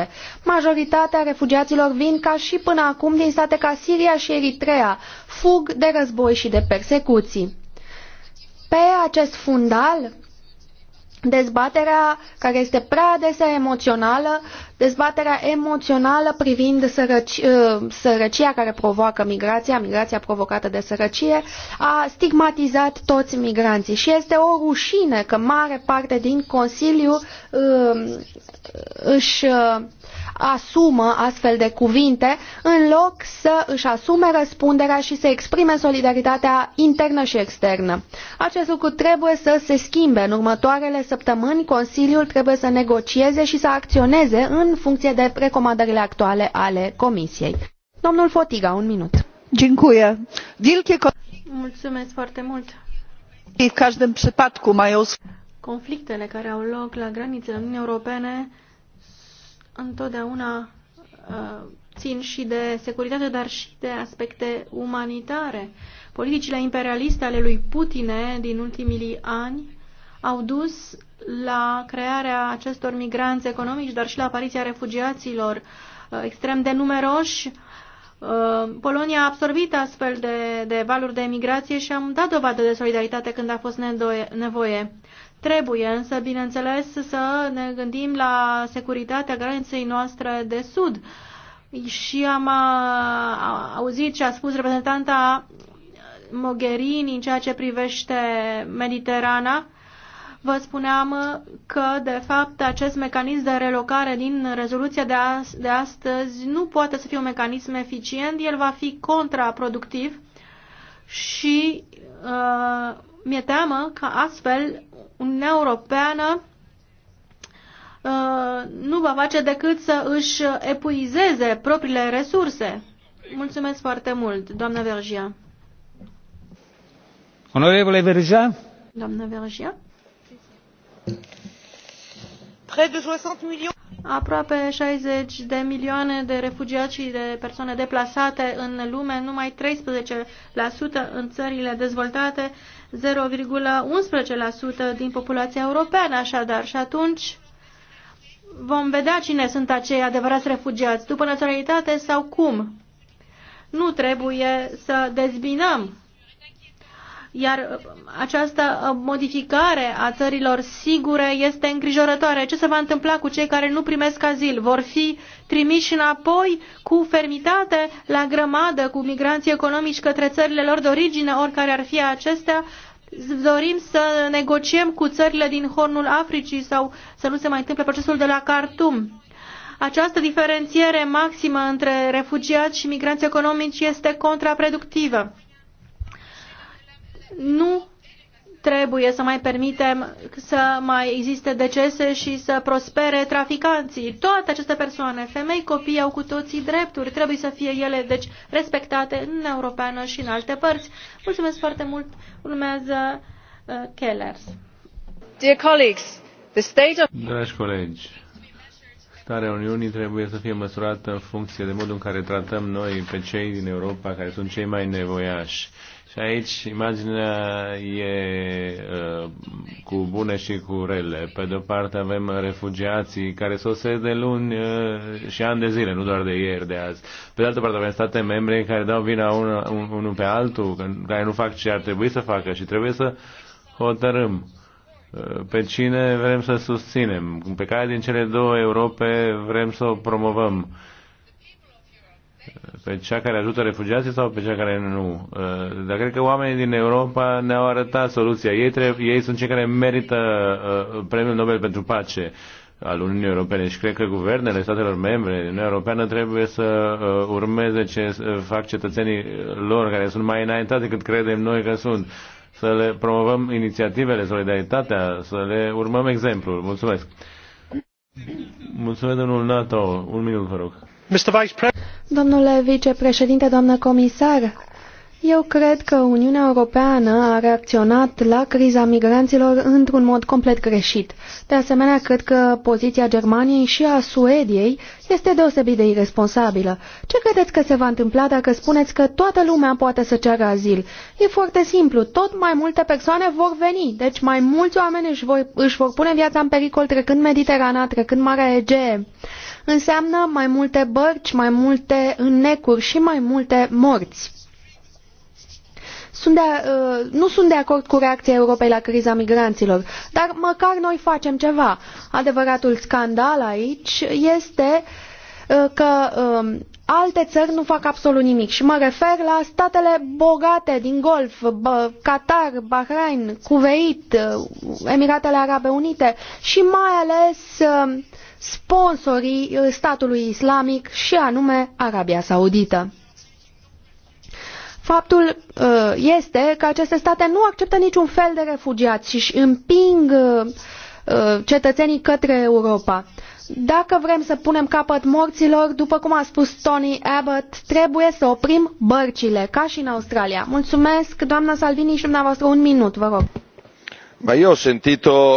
Majoritatea refugiaților vin ca și până acum din state ca Siria și Eritrea, fug de război și de persecuții. Pe acest fundal, dezbaterea, care este prea adesea emoțională, dezbaterea emoțională privind sărăci, uh, sărăcia care provoacă migrația, migrația provocată de sărăcie, a stigmatizat toți migranții și este o rușine că mare parte din Consiliu um, își uh, asumă astfel de cuvinte în loc să își asume răspunderea și să exprime solidaritatea internă și externă. Acest lucru trebuie să se schimbe. În următoarele săptămâni, Consiliul trebuie să negocieze și să acționeze în în funcție de recomandările actuale ale Comisiei. Domnul Fotiga, un minut. Dziękuję. Wielkie Mulțumesc foarte mult. W każdym przypadku mają Conflictele care au loc la granițele Uniunii Europene întotdeauna uh, țin și de securitate, dar și de aspecte umanitare. Politicile imperialiste ale lui Putine din ultimii ani au dus la crearea acestor migranți economici, dar și la apariția refugiaților uh, extrem de numeroși. Uh, Polonia a absorbit astfel de, de valuri de emigrație și am dat dovadă de solidaritate când a fost nevoie. Trebuie însă, bineînțeles, să ne gândim la securitatea graniței noastre de sud. Și am auzit ce a spus reprezentanta Mogherini în ceea ce privește Mediterana Vă spuneam că, de fapt, acest mecanism de relocare din rezoluția de, ast de astăzi nu poate să fie un mecanism eficient, el va fi contraproductiv și uh, mi-e teamă că astfel Uniunea Europeană uh, nu va face decât să își epuizeze propriile resurse. Mulțumesc foarte mult, doamna Vergia. Onorevole Vergia? Doamna Vergia? Aproape 60 de milioane de refugiați și de persoane deplasate în lume, numai 13% în țările dezvoltate, 0,11% din populația europeană, așadar. Și atunci vom vedea cine sunt acei adevărați refugiați, după naționalitate sau cum. Nu trebuie să dezbinăm iar uh, această uh, modificare a țărilor sigure este îngrijorătoare. Ce se va întâmpla cu cei care nu primesc azil? Vor fi trimiși înapoi cu fermitate la grămadă cu migranții economici către țările lor de origine, oricare ar fi acestea? Dorim să negociem cu țările din Hornul Africii sau să nu se mai întâmple procesul de la Khartoum. Această diferențiere maximă între refugiați și migranți economici este contraproductivă nu trebuie să mai permitem să mai existe decese și să prospere traficanții. Toate aceste persoane, femei, copii, au cu toții drepturi. Trebuie să fie ele, deci, respectate în Europeană și în alte părți. Mulțumesc foarte mult. Urmează uh, Kellers. Dear colleagues, the state of... Dragi colegi, starea Uniunii trebuie să fie măsurată în funcție de modul în care tratăm noi pe cei din Europa care sunt cei mai nevoiași și aici imaginea e uh, cu bune și cu rele. Pe de-o parte avem refugiații care sosesc de luni uh, și ani de zile, nu doar de ieri, de azi. Pe de altă parte avem state membre care dau vina unul un, unul pe altul, care nu fac ce ar trebui să facă și trebuie să hotărâm ă, pe cine vrem să susținem, pe care din cele două Europe vrem să o promovăm pe cea care ajută refugiații sau pe cea care nu. Uh, dar cred că oamenii din Europa ne-au arătat soluția. Ei, trebuie, ei sunt cei care merită uh, premiul Nobel pentru pace al Uniunii Europene și cred că guvernele statelor membre din Uniunea Europeană trebuie să uh, urmeze ce fac cetățenii lor care sunt mai înaintați decât credem noi că sunt. Să le promovăm inițiativele, solidaritatea, să le urmăm exemplul. Mulțumesc. Mulțumesc, domnul NATO. Un minut, vă rog. Mr. Vice President. Domnule vicepreședinte, doamnă comisar, eu cred că Uniunea Europeană a reacționat la criza migranților într-un mod complet greșit. De asemenea, cred că poziția Germaniei și a Suediei este deosebit de irresponsabilă. Ce credeți că se va întâmpla dacă spuneți că toată lumea poate să ceară azil? E foarte simplu, tot mai multe persoane vor veni, deci mai mulți oameni își vor, își vor pune viața în pericol trecând Mediterana, trecând Marea Egee. Înseamnă mai multe bărci, mai multe înnecuri și mai multe morți. Sunt de, uh, nu sunt de acord cu reacția Europei la criza migranților, dar măcar noi facem ceva. Adevăratul scandal aici este uh, că um, alte țări nu fac absolut nimic și mă refer la statele bogate din Golf, Qatar, Bahrain, Kuwait, uh, Emiratele Arabe Unite și mai ales um, sponsorii statului islamic și anume Arabia Saudită. Faptul uh, este că aceste state nu acceptă niciun fel de refugiați și își împing uh, uh, cetățenii către Europa. Dacă vrem să punem capăt morților, după cum a spus Tony Abbott, trebuie să oprim bărcile, ca și în Australia. Mulțumesc, doamna Salvini, și dumneavoastră un minut, vă rog.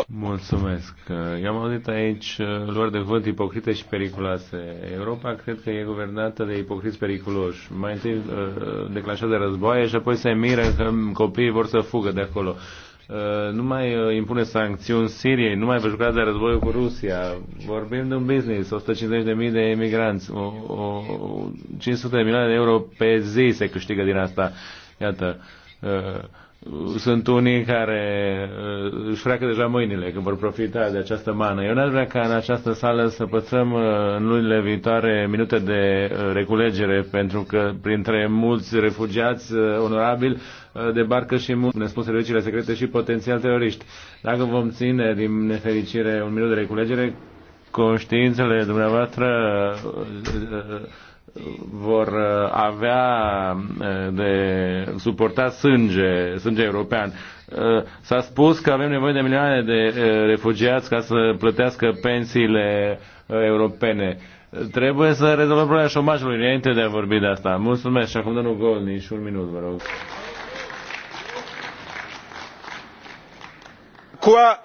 Mulțumesc. Eu am auzit aici uh, lor de vânt ipocrite și periculoase. Europa cred că e guvernată de ipocriți periculoși. Mai întâi uh, declanșează de războaie și apoi se miră că copiii vor să fugă de acolo uh, nu mai impune sancțiuni Siriei, nu mai vă jucați de războiul cu Rusia. Vorbim de un business, 150.000 de emigranți, o, o, 500 de milioane de euro pe zi se câștigă din asta. Iată, sunt unii care uh, își freacă deja mâinile că vor profita de această mană. Eu n-aș vrea ca în această sală să păstrăm uh, în lunile viitoare minute de uh, reculegere, pentru că printre mulți refugiați onorabili debarcă și mulți, ne spun serviciile secrete și potențial teroriști. Dacă vom ține, din nefericire, un minut de reculegere, conștiințele dumneavoastră vor uh, avea uh, de suporta sânge, sânge european. Uh, s-a spus că avem nevoie de milioane de refugiați ca să plătească pensiile europene. Trebuie să rezolvăm problema șomajului înainte de a vorbi de asta. Mulțumesc și acum domnul Golni și un minut, vă rog. la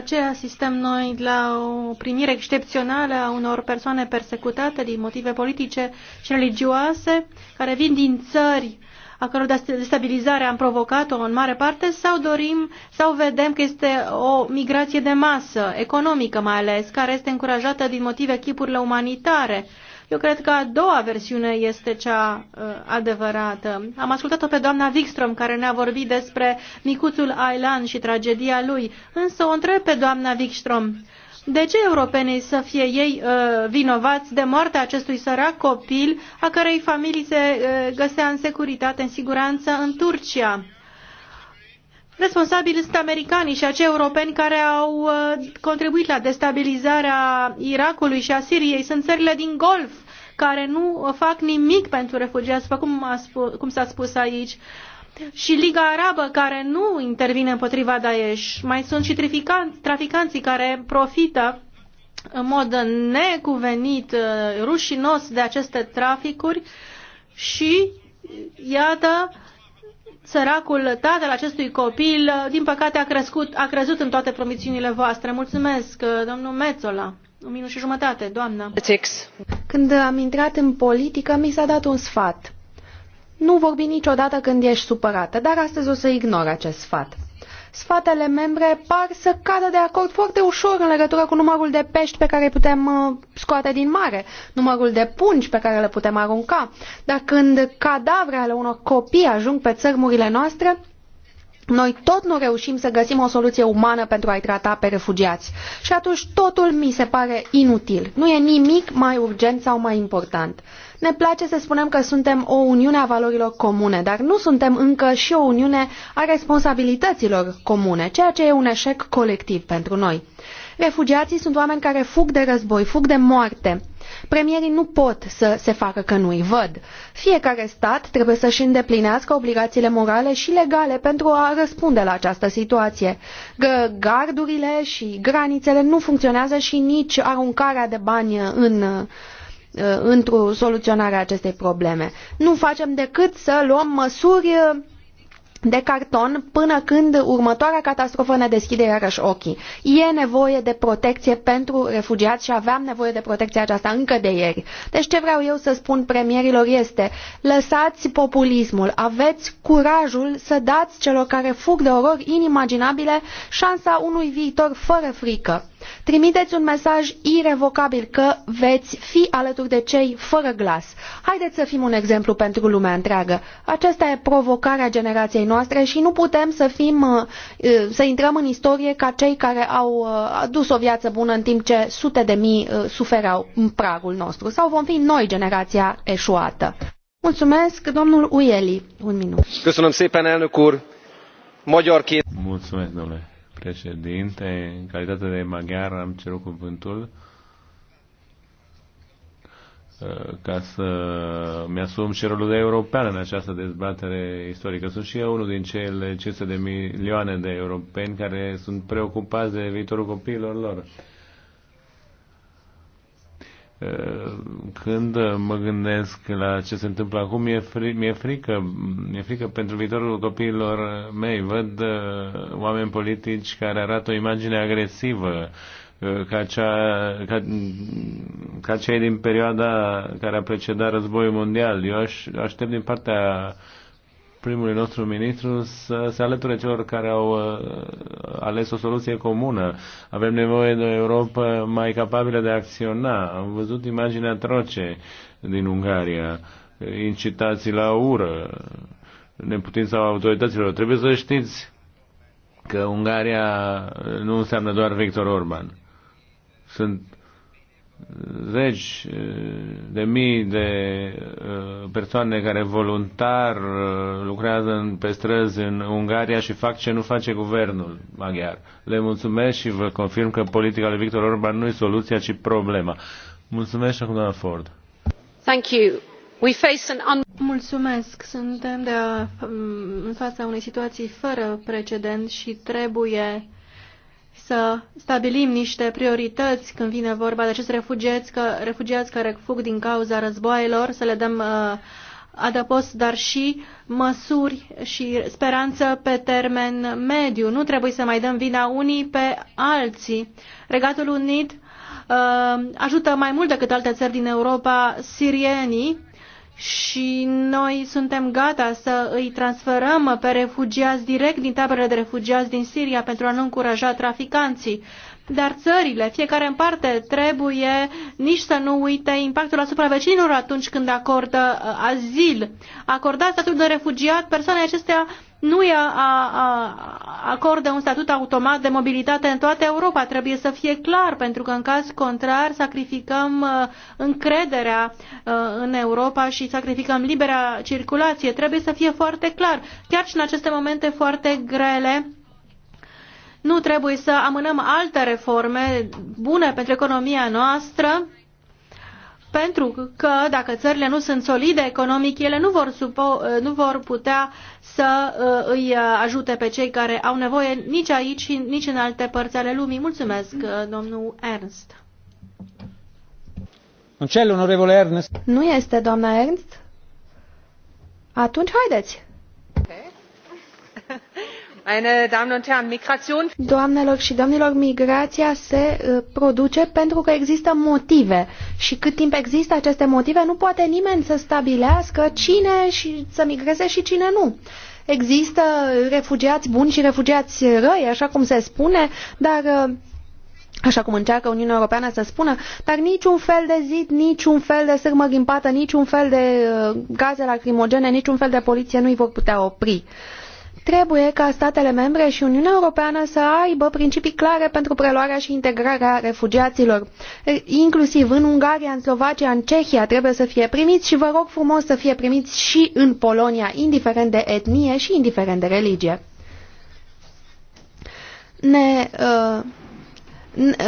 ce asistăm noi? La o primire excepțională a unor persoane persecutate din motive politice și religioase, care vin din țări a căror destabilizare am provocat-o în mare parte, sau dorim, sau vedem că este o migrație de masă, economică mai ales, care este încurajată din motive chipurile umanitare. Uh, eu cred că a doua versiune este cea uh, adevărată. Am ascultat-o pe doamna Wikström, care ne-a vorbit despre micuțul Ailan și tragedia lui, însă o întreb pe doamna Wikström. De ce europenii să fie ei uh, vinovați de moartea acestui sărac copil, a cărei familie se uh, găsea în securitate, în siguranță, în Turcia? Responsabili sunt americanii și acei europeni care au uh, contribuit la destabilizarea Irakului și a Siriei. Sunt țările din Golf care nu fac nimic pentru refugiați, după cum, a spus, cum s-a spus aici. Și Liga Arabă care nu intervine împotriva Daesh. Mai sunt și traficanți, traficanții care profită în mod necuvenit, uh, rușinos de aceste traficuri și, iată, săracul tatăl acestui copil, din păcate, a, crescut, a crezut în toate promisiunile voastre. Mulțumesc, domnul Mețola. Un minut și jumătate, doamnă. Când am intrat în politică, mi s-a dat un sfat. Nu vorbi niciodată când ești supărată, dar astăzi o să ignor acest sfat statele membre par să cadă de acord foarte ușor în legătură cu numărul de pești pe care îi putem uh, scoate din mare, numărul de pungi pe care le putem arunca. Dar când cadavre ale unor copii ajung pe țărmurile noastre, noi tot nu reușim să găsim o soluție umană pentru a-i trata pe refugiați. Și atunci totul mi se pare inutil. Nu e nimic mai urgent sau mai important. Ne place să spunem că suntem o uniune a valorilor comune, dar nu suntem încă și o uniune a responsabilităților comune, ceea ce e un eșec colectiv pentru noi. Refugiații sunt oameni care fug de război, fug de moarte. Premierii nu pot să se facă că nu-i văd. Fiecare stat trebuie să-și îndeplinească obligațiile morale și legale pentru a răspunde la această situație. Că gardurile și granițele nu funcționează și nici aruncarea de bani în Uh, într-o soluționare a acestei probleme. Nu facem decât să luăm măsuri uh, de carton până când următoarea catastrofă ne deschide iarăși ochii. E nevoie de protecție pentru refugiați și aveam nevoie de protecția aceasta încă de ieri. Deci ce vreau eu să spun premierilor este lăsați populismul, aveți curajul să dați celor care fug de orori inimaginabile șansa unui viitor fără frică Trimiteți un mesaj irevocabil că veți fi alături de cei fără glas. Haideți să fim un exemplu pentru lumea întreagă. Aceasta e provocarea generației noastre și nu putem să fim, uh, uh, să intrăm în istorie ca cei care au uh, dus o viață bună în timp ce sute de mii suferau în pragul nostru. Sau vom fi noi generația eșuată. Mulțumesc, domnul Uieli. Un minut. Mulțumesc, domnule președinte. În calitate de maghiar am cerut cuvântul uh, ca să mi-asum și rolul de european în această dezbatere istorică. Sunt și eu unul din cele 500 de milioane de europeni care sunt preocupați de viitorul copiilor lor când mă gândesc la ce se întâmplă acum, mi-e, fri, mi-e frică, mi-e frică pentru viitorul copiilor mei. Văd uh, oameni politici care arată o imagine agresivă uh, ca, cea, ca, ca cei din perioada care a precedat războiul mondial. Eu aș, aștept din partea uh, primului nostru ministru să se alăture celor care au uh, ales o soluție comună. Avem nevoie de o Europa mai capabilă de a acționa. Am văzut imagini atroce din Ungaria, incitații la ură, neputința autorităților. Trebuie să știți că Ungaria nu înseamnă doar Victor Orban. Sunt zeci eh, de mii de eh, persoane care voluntar eh, lucrează pe străzi în Ungaria și fac ce nu face guvernul maghiar. Le mulțumesc și vă confirm că politica lui Victor Orban nu e soluția, ci problema. Mulțumesc și acum doamna Ford. Thank you. We face an un... Mulțumesc. Suntem de a, mm, în fața unei situații fără precedent și trebuie să stabilim niște priorități când vine vorba de acești refugiați, că, refugiați care fug din cauza războaielor, să le dăm uh, adăpost, dar și măsuri și speranță pe termen mediu. Nu trebuie să mai dăm vina unii pe alții. Regatul Unit uh, ajută mai mult decât alte țări din Europa sirienii și noi suntem gata să îi transferăm pe refugiați direct din taberele de refugiați din Siria pentru a nu încuraja traficanții dar țările, fiecare în parte, trebuie nici să nu uite impactul asupra vecinilor atunci când acordă uh, azil. acordarea statut de refugiat, persoanele acestea nu a, a, acordă un statut automat de mobilitate în toată Europa. Trebuie să fie clar, pentru că în caz contrar sacrificăm uh, încrederea uh, în Europa și sacrificăm libera circulație. Trebuie să fie foarte clar, chiar și în aceste momente foarte grele nu trebuie să amânăm alte reforme bune pentru economia noastră, pentru că dacă țările nu sunt solide economic, ele nu vor, supo, nu vor putea să uh, îi ajute pe cei care au nevoie nici aici, nici în alte părți ale lumii. Mulțumesc, uh, domnul Ernst. Cel, Ernst. Nu este doamna Ernst? Atunci haideți. Okay. Doamnelor și domnilor, migrația se uh, produce pentru că există motive și cât timp există aceste motive nu poate nimeni să stabilească cine și să migreze și cine nu. Există refugiați buni și refugiați răi, așa cum se spune, dar uh, așa cum încearcă Uniunea Europeană să spună, dar niciun fel de zid, niciun fel de sârmă ghimpată, niciun fel de uh, gaze lacrimogene, niciun fel de poliție nu îi vor putea opri. Uh, Trebuie ca statele membre și Uniunea Europeană să aibă principii clare pentru preluarea și integrarea refugiaților. Inclusiv în Ungaria, în Slovacia, în Cehia trebuie să fie primiți și vă rog frumos să fie primiți și în Polonia, indiferent de etnie și indiferent de religie. Ne, uh,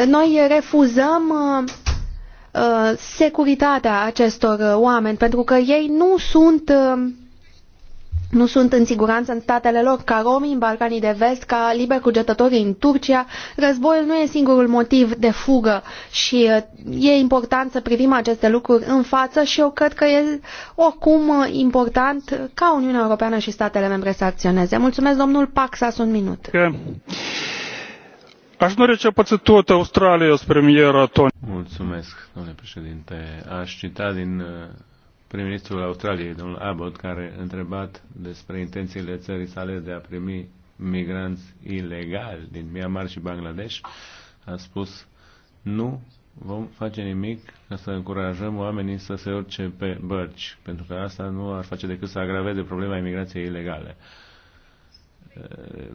noi refuzăm uh, securitatea acestor oameni pentru că ei nu sunt nu sunt în siguranță în statele lor, ca romii în Balcanii de Vest, ca liber cugetători în Turcia. Războiul nu e singurul motiv de fugă și uh, e important să privim aceste lucruri în față și eu cred că e oricum uh, important ca Uniunea Europeană și statele membre să acționeze. Mulțumesc, domnul Paxas, un minut. Aș dori ce tot Australia, premieră Tony. Mulțumesc, domnule președinte. Aș cita din uh, prim-ministrul Australiei, domnul Abbott, care a întrebat despre intențiile țării sale de a primi migranți ilegali din Myanmar și Bangladesh, a spus nu vom face nimic ca să încurajăm oamenii să se urce pe bărci, pentru că asta nu ar face decât să agraveze problema imigrației ilegale. Eh,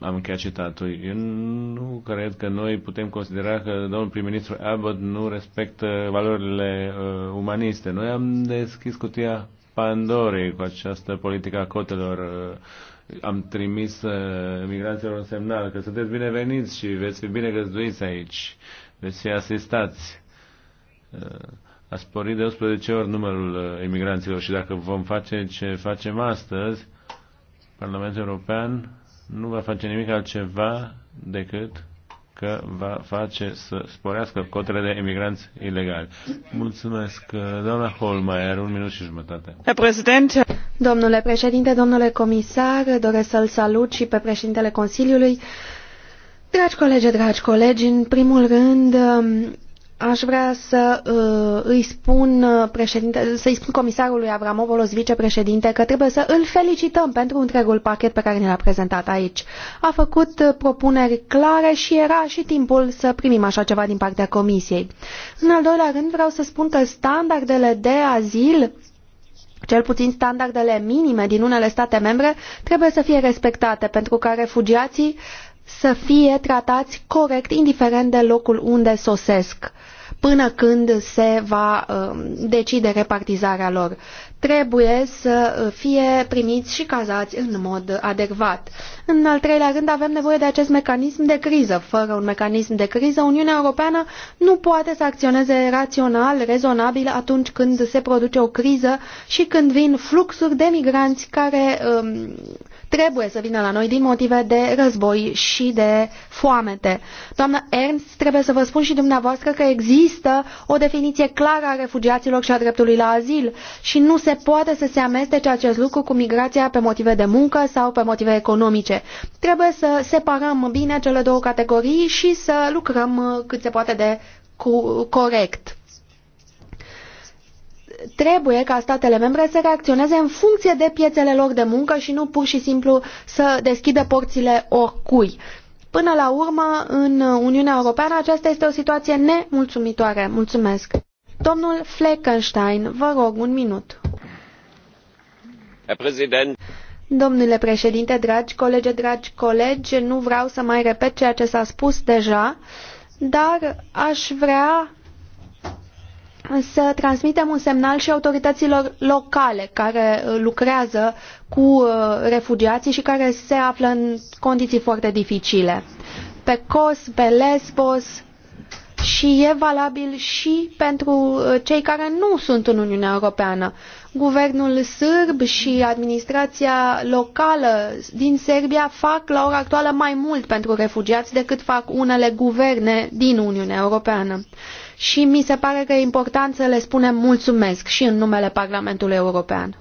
am încheiat citatul. Eu nu cred că noi putem considera că domnul prim-ministru Abbott nu respectă valorile uh, umaniste. Noi am deschis cutia Pandorei cu această politică a cotelor. Uh, am trimis uh, migranților un semnal că sunteți bineveniți și veți fi bine găzduiți aici. Veți fi asistați. Uh, a sporit de 11 ori numărul imigranților și dacă vom face ce facem astăzi, Parlamentul European nu va face nimic altceva decât că va face să sporească cotele de emigranți ilegali. Mulțumesc, doamna Holmeier, un minut și jumătate. Președinte. Domnule președinte, domnule comisar, doresc să-l salut și pe președintele Consiliului. Dragi colegi, dragi colegi, în primul rând Aș vrea să uh, îi spun uh, președinte, să-i spun comisarului Avramovolos, vicepreședinte, că trebuie să îl felicităm pentru întregul pachet pe care ne l-a prezentat aici. A făcut uh, propuneri clare și era și timpul să primim așa ceva din partea comisiei. În al doilea rând vreau să spun că standardele de azil cel puțin standardele minime din unele state membre trebuie să fie respectate pentru ca refugiații uh, să fie tratați corect, indiferent de locul unde sosesc, până când se va um, decide repartizarea lor. Trebuie să fie primiți și cazați în mod adecvat. În al treilea rând, avem nevoie de acest mecanism de criză. Fără un mecanism de criză, Uniunea Europeană nu poate să acționeze rațional, rezonabil atunci când se produce o criză și când vin fluxuri de migranți care um, trebuie să vină la noi din motive de război și de foamete. Doamnă Ernst, trebuie să vă spun și dumneavoastră că există o definiție clară a refugiaților și a dreptului la azil și nu se poate să se amestece acest lucru cu migrația pe motive de muncă sau pe motive economice. Trebuie să separăm bine cele două categorii și să lucrăm uh, cât se poate de corect trebuie ca statele membre să reacționeze în funcție de piețele lor de muncă și nu pur și simplu să deschidă porțile oricui. Până la urmă, în Uniunea Europeană, aceasta este o situație nemulțumitoare. Mulțumesc. Domnul Fleckenstein, vă rog un minut. Domnule președinte, dragi colegi, dragi colegi, nu vreau să mai repet ceea ce s-a spus deja, dar aș vrea să transmitem un semnal și autorităților locale care uh, lucrează cu uh, refugiații și care se află în condiții foarte dificile. Pe Kos, pe Lesbos și e valabil și pentru uh, cei care nu sunt în Uniunea Europeană. Guvernul sârb și administrația locală din Serbia fac la ora actuală mai mult pentru refugiați decât fac unele guverne din Uniunea Europeană. Și mi se pare că e important să le spunem mulțumesc și în numele Parlamentului European.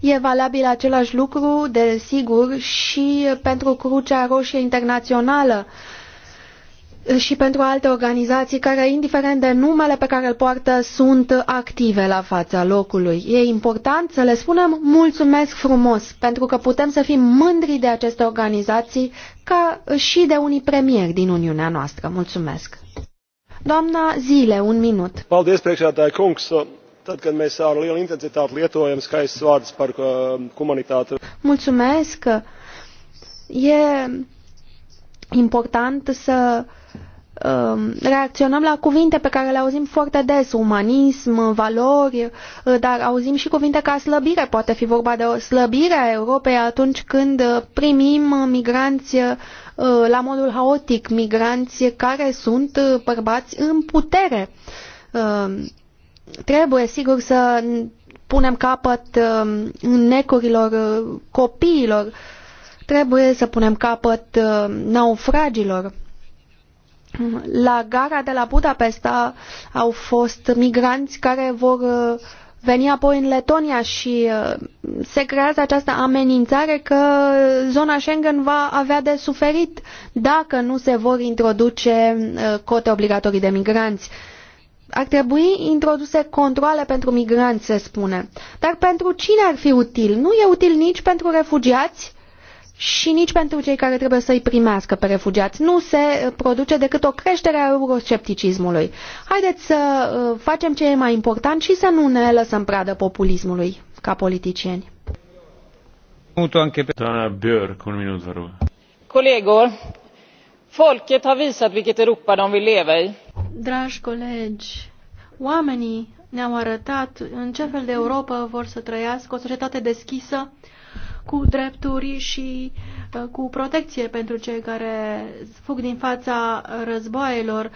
E valabil același lucru, desigur, și pentru Crucea Roșie Internațională, și pentru alte organizații care, indiferent de numele pe care îl poartă, sunt active la fața locului. E important să le spunem mulțumesc frumos, pentru că putem să fim mândri de aceste organizații ca și de unii premieri din Uniunea noastră. Mulțumesc! Doamna Zile, un minut. Paldies, priekšētāji kungs. Tad, kad mēs ar lielu intensitāti lietojam skaistus vārdus par uh, humanitāti. Mulțumesc! E important să um, reacționăm la cuvinte pe care le auzim foarte des, umanism, valori, uh, dar auzim și cuvinte ca slăbire. Poate fi vorba de o slăbire a Europei atunci când primim migranți uh, la modul haotic, migranți care sunt uh, bărbați în putere. Um, trebuie, sigur, să punem capăt um, necurilor copiilor, Trebuie să punem capăt uh, naufragilor. La gara de la Budapesta au fost migranți care vor uh, veni apoi în Letonia și uh, se creează această amenințare că zona Schengen va avea de suferit dacă nu se vor introduce cote obligatorii de migranți. Ar trebui introduse controle pentru migranți, se spune. Dar pentru cine ar fi util? Nu e util nici pentru refugiați, și nici pentru cei care trebuie să-i primească pe refugiați. Nu se uh, produce decât o creștere a euroscepticismului. Haideți să uh, facem ce e mai important și să nu ne lăsăm pradă populismului ca politicieni. Doamna Björk, un minut, vă rog. Colegor, folket har visat vilket Europa de vill i. Dragi colegi, oamenii ne-au arătat în ce fel de Europa vor să trăiască, o societate deschisă, cu drepturi și uh, cu protecție pentru cei care fug din fața războaielor.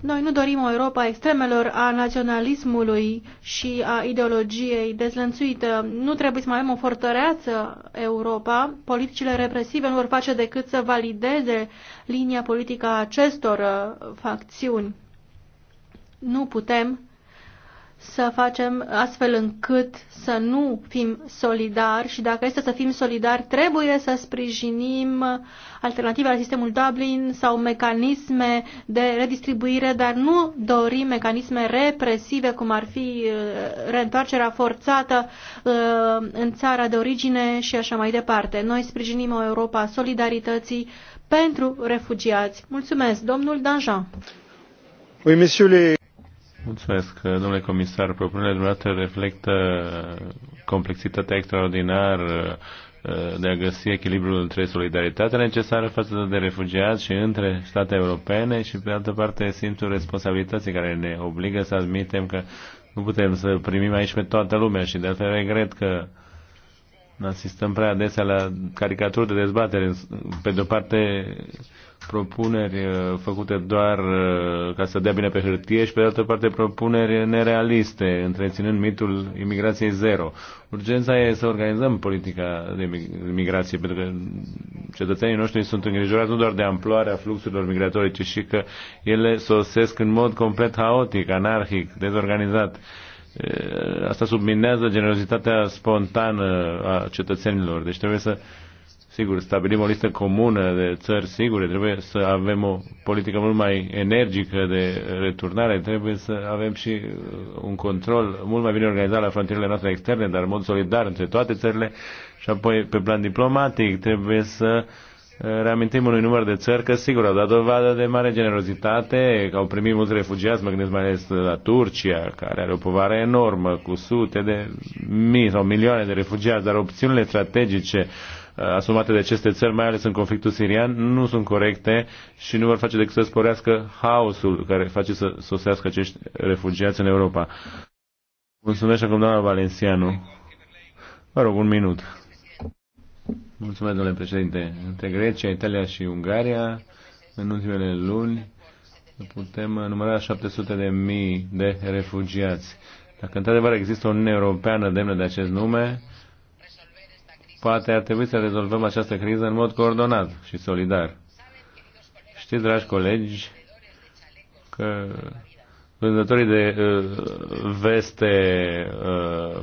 Noi nu dorim o Europa extremelor a naționalismului și a ideologiei dezlănțuită. Nu trebuie să mai avem o fortăreață Europa. Politicile represive nu vor face decât să valideze linia politică a acestor uh, facțiuni. Nu putem să facem astfel încât să nu fim solidari și dacă este să fim solidari, trebuie să sprijinim alternative la sistemul Dublin sau mecanisme de redistribuire, dar nu dorim mecanisme represive, cum ar fi uh, reîntoarcerea forțată uh, în țara de origine și așa mai departe. Noi sprijinim o Europa a solidarității pentru refugiați. Mulțumesc, domnul Danjean. Oui, Mulțumesc, domnule comisar. Propunerea dumneavoastră reflectă complexitatea extraordinară eh, de a găsi echilibrul între solidaritatea necesară față de refugiați și între state europene și, pe altă parte, simțul responsabilității care ne obligă să admitem că nu putem să primim aici pe toată lumea și, de altfel, regret că asistăm prea adesea la caricaturi de dezbatere. Pe de o parte, propuneri uh, făcute doar uh, ca să dea bine pe hârtie și pe de altă parte propuneri nerealiste, întreținând mitul imigrației zero. Urgența e să organizăm politica de imigrație, pentru că cetățenii noștri sunt îngrijorați nu doar de amploarea fluxurilor migratorice, ci și că ele sosesc în mod complet haotic, anarhic, dezorganizat Asta subminează generozitatea spontană a cetățenilor. Deci trebuie să, sigur, stabilim o listă comună de țări sigure, trebuie să avem o politică mult mai energică de returnare, trebuie să avem și uh, un control mult mai bine organizat la frontierele noastre externe, dar în mod solidar între toate țările și apoi pe plan diplomatic trebuie să uh, reamintim unui număr de țări că, sigur, au dat dovadă de mare generozitate, că au primit mulți refugiați, mă gândesc mai ales la Turcia, care are o povară enormă, cu sute de mii sau milioane de refugiați, dar opțiunile strategice uh, asumate de aceste țări, mai ales în conflictul sirian, nu sunt corecte și nu vor face decât să sporească haosul care face să sosească acești refugiați în Europa. Mulțumesc acum doamna Valencianu. Vă rog, un minut. Mulțumesc, domnule președinte. Între Grecia, Italia și Ungaria, în ultimele luni, putem număra 700 de mii de refugiați. Dacă într-adevăr există o Uniune Europeană demnă de acest nume, poate ar trebui să rezolvăm această criză în mod coordonat și solidar. Știți, dragi colegi, că vânzătorii de uh, veste uh,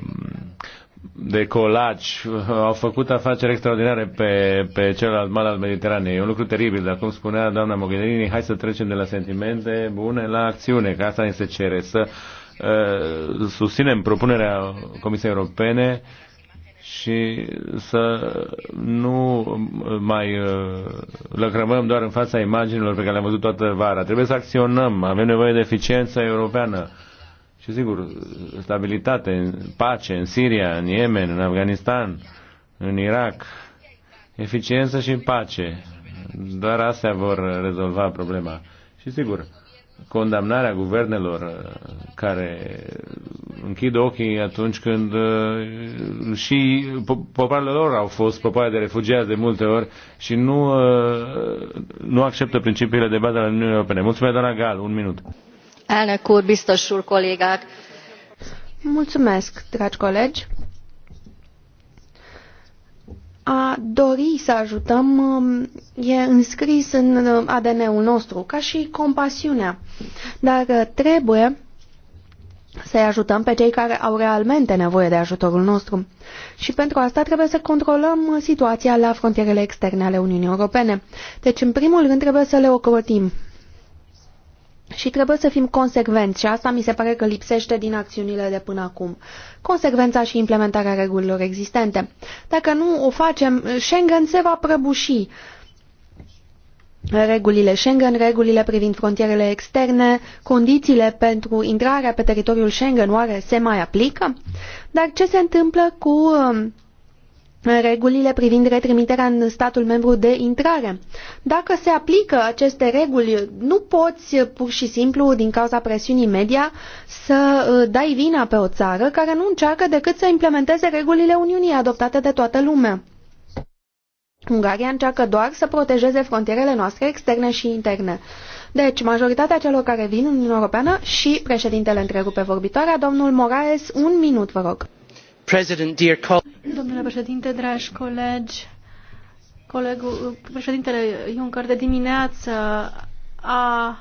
de colaj, uh, au făcut afaceri extraordinare pe, pe celălalt mal al Mediteranei. E un lucru teribil, dar cum spunea doamna Mogherini, hai să trecem de la sentimente bune la acțiune, că asta ne se cere, să uh, susținem propunerea Comisiei Europene și să nu mai uh, lăcrămăm doar în fața imaginilor pe care le-am văzut toată vara. Trebuie să acționăm, avem nevoie de eficiență europeană și sigur, stabilitate, pace în Siria, în Yemen, în Afganistan, în Irak, eficiență și pace. Doar astea vor rezolva problema. Și sigur, condamnarea guvernelor uh, care închid ochii atunci când uh, și popoarele lor au fost popoare de refugiați de multe ori și nu, uh, nu acceptă principiile de bază ale Uniunii Europene. Mulțumesc, doamna Gal, un minut elnök úr biztos úr kollégák! dragi colegi! A dori să ajutăm um, e înscris în um, ADN-ul nostru, ca și compasiunea. Dar uh, trebuie să-i ajutăm pe cei care au realmente nevoie de ajutorul nostru. Și pentru asta trebuie să controlăm uh, situația la frontierele externe ale Uniunii Europene. Deci, în primul rând, trebuie să le ocrotim și trebuie să fim consecvenți și asta mi se pare că lipsește din acțiunile de până acum. Consecvența și implementarea regulilor existente. Dacă nu o facem, Schengen se va prăbuși. Regulile Schengen, regulile privind frontierele externe, condițiile pentru intrarea pe teritoriul Schengen, oare se mai aplică? Dar ce se întâmplă cu um, regulile privind retrimiterea în statul membru de intrare. Dacă se aplică aceste reguli, nu poți pur și simplu, din cauza presiunii media, să uh, dai vina pe o țară care nu încearcă decât să implementeze regulile Uniunii adoptate de toată lumea. Ungaria încearcă doar să protejeze frontierele noastre externe și interne. Deci, majoritatea celor care vin în Uniunea Europeană și președintele întrerupe vorbitoarea, domnul Moraes, un minut, vă rog. Domnule președinte, dragi colegi, colegul, președintele Juncker de dimineață a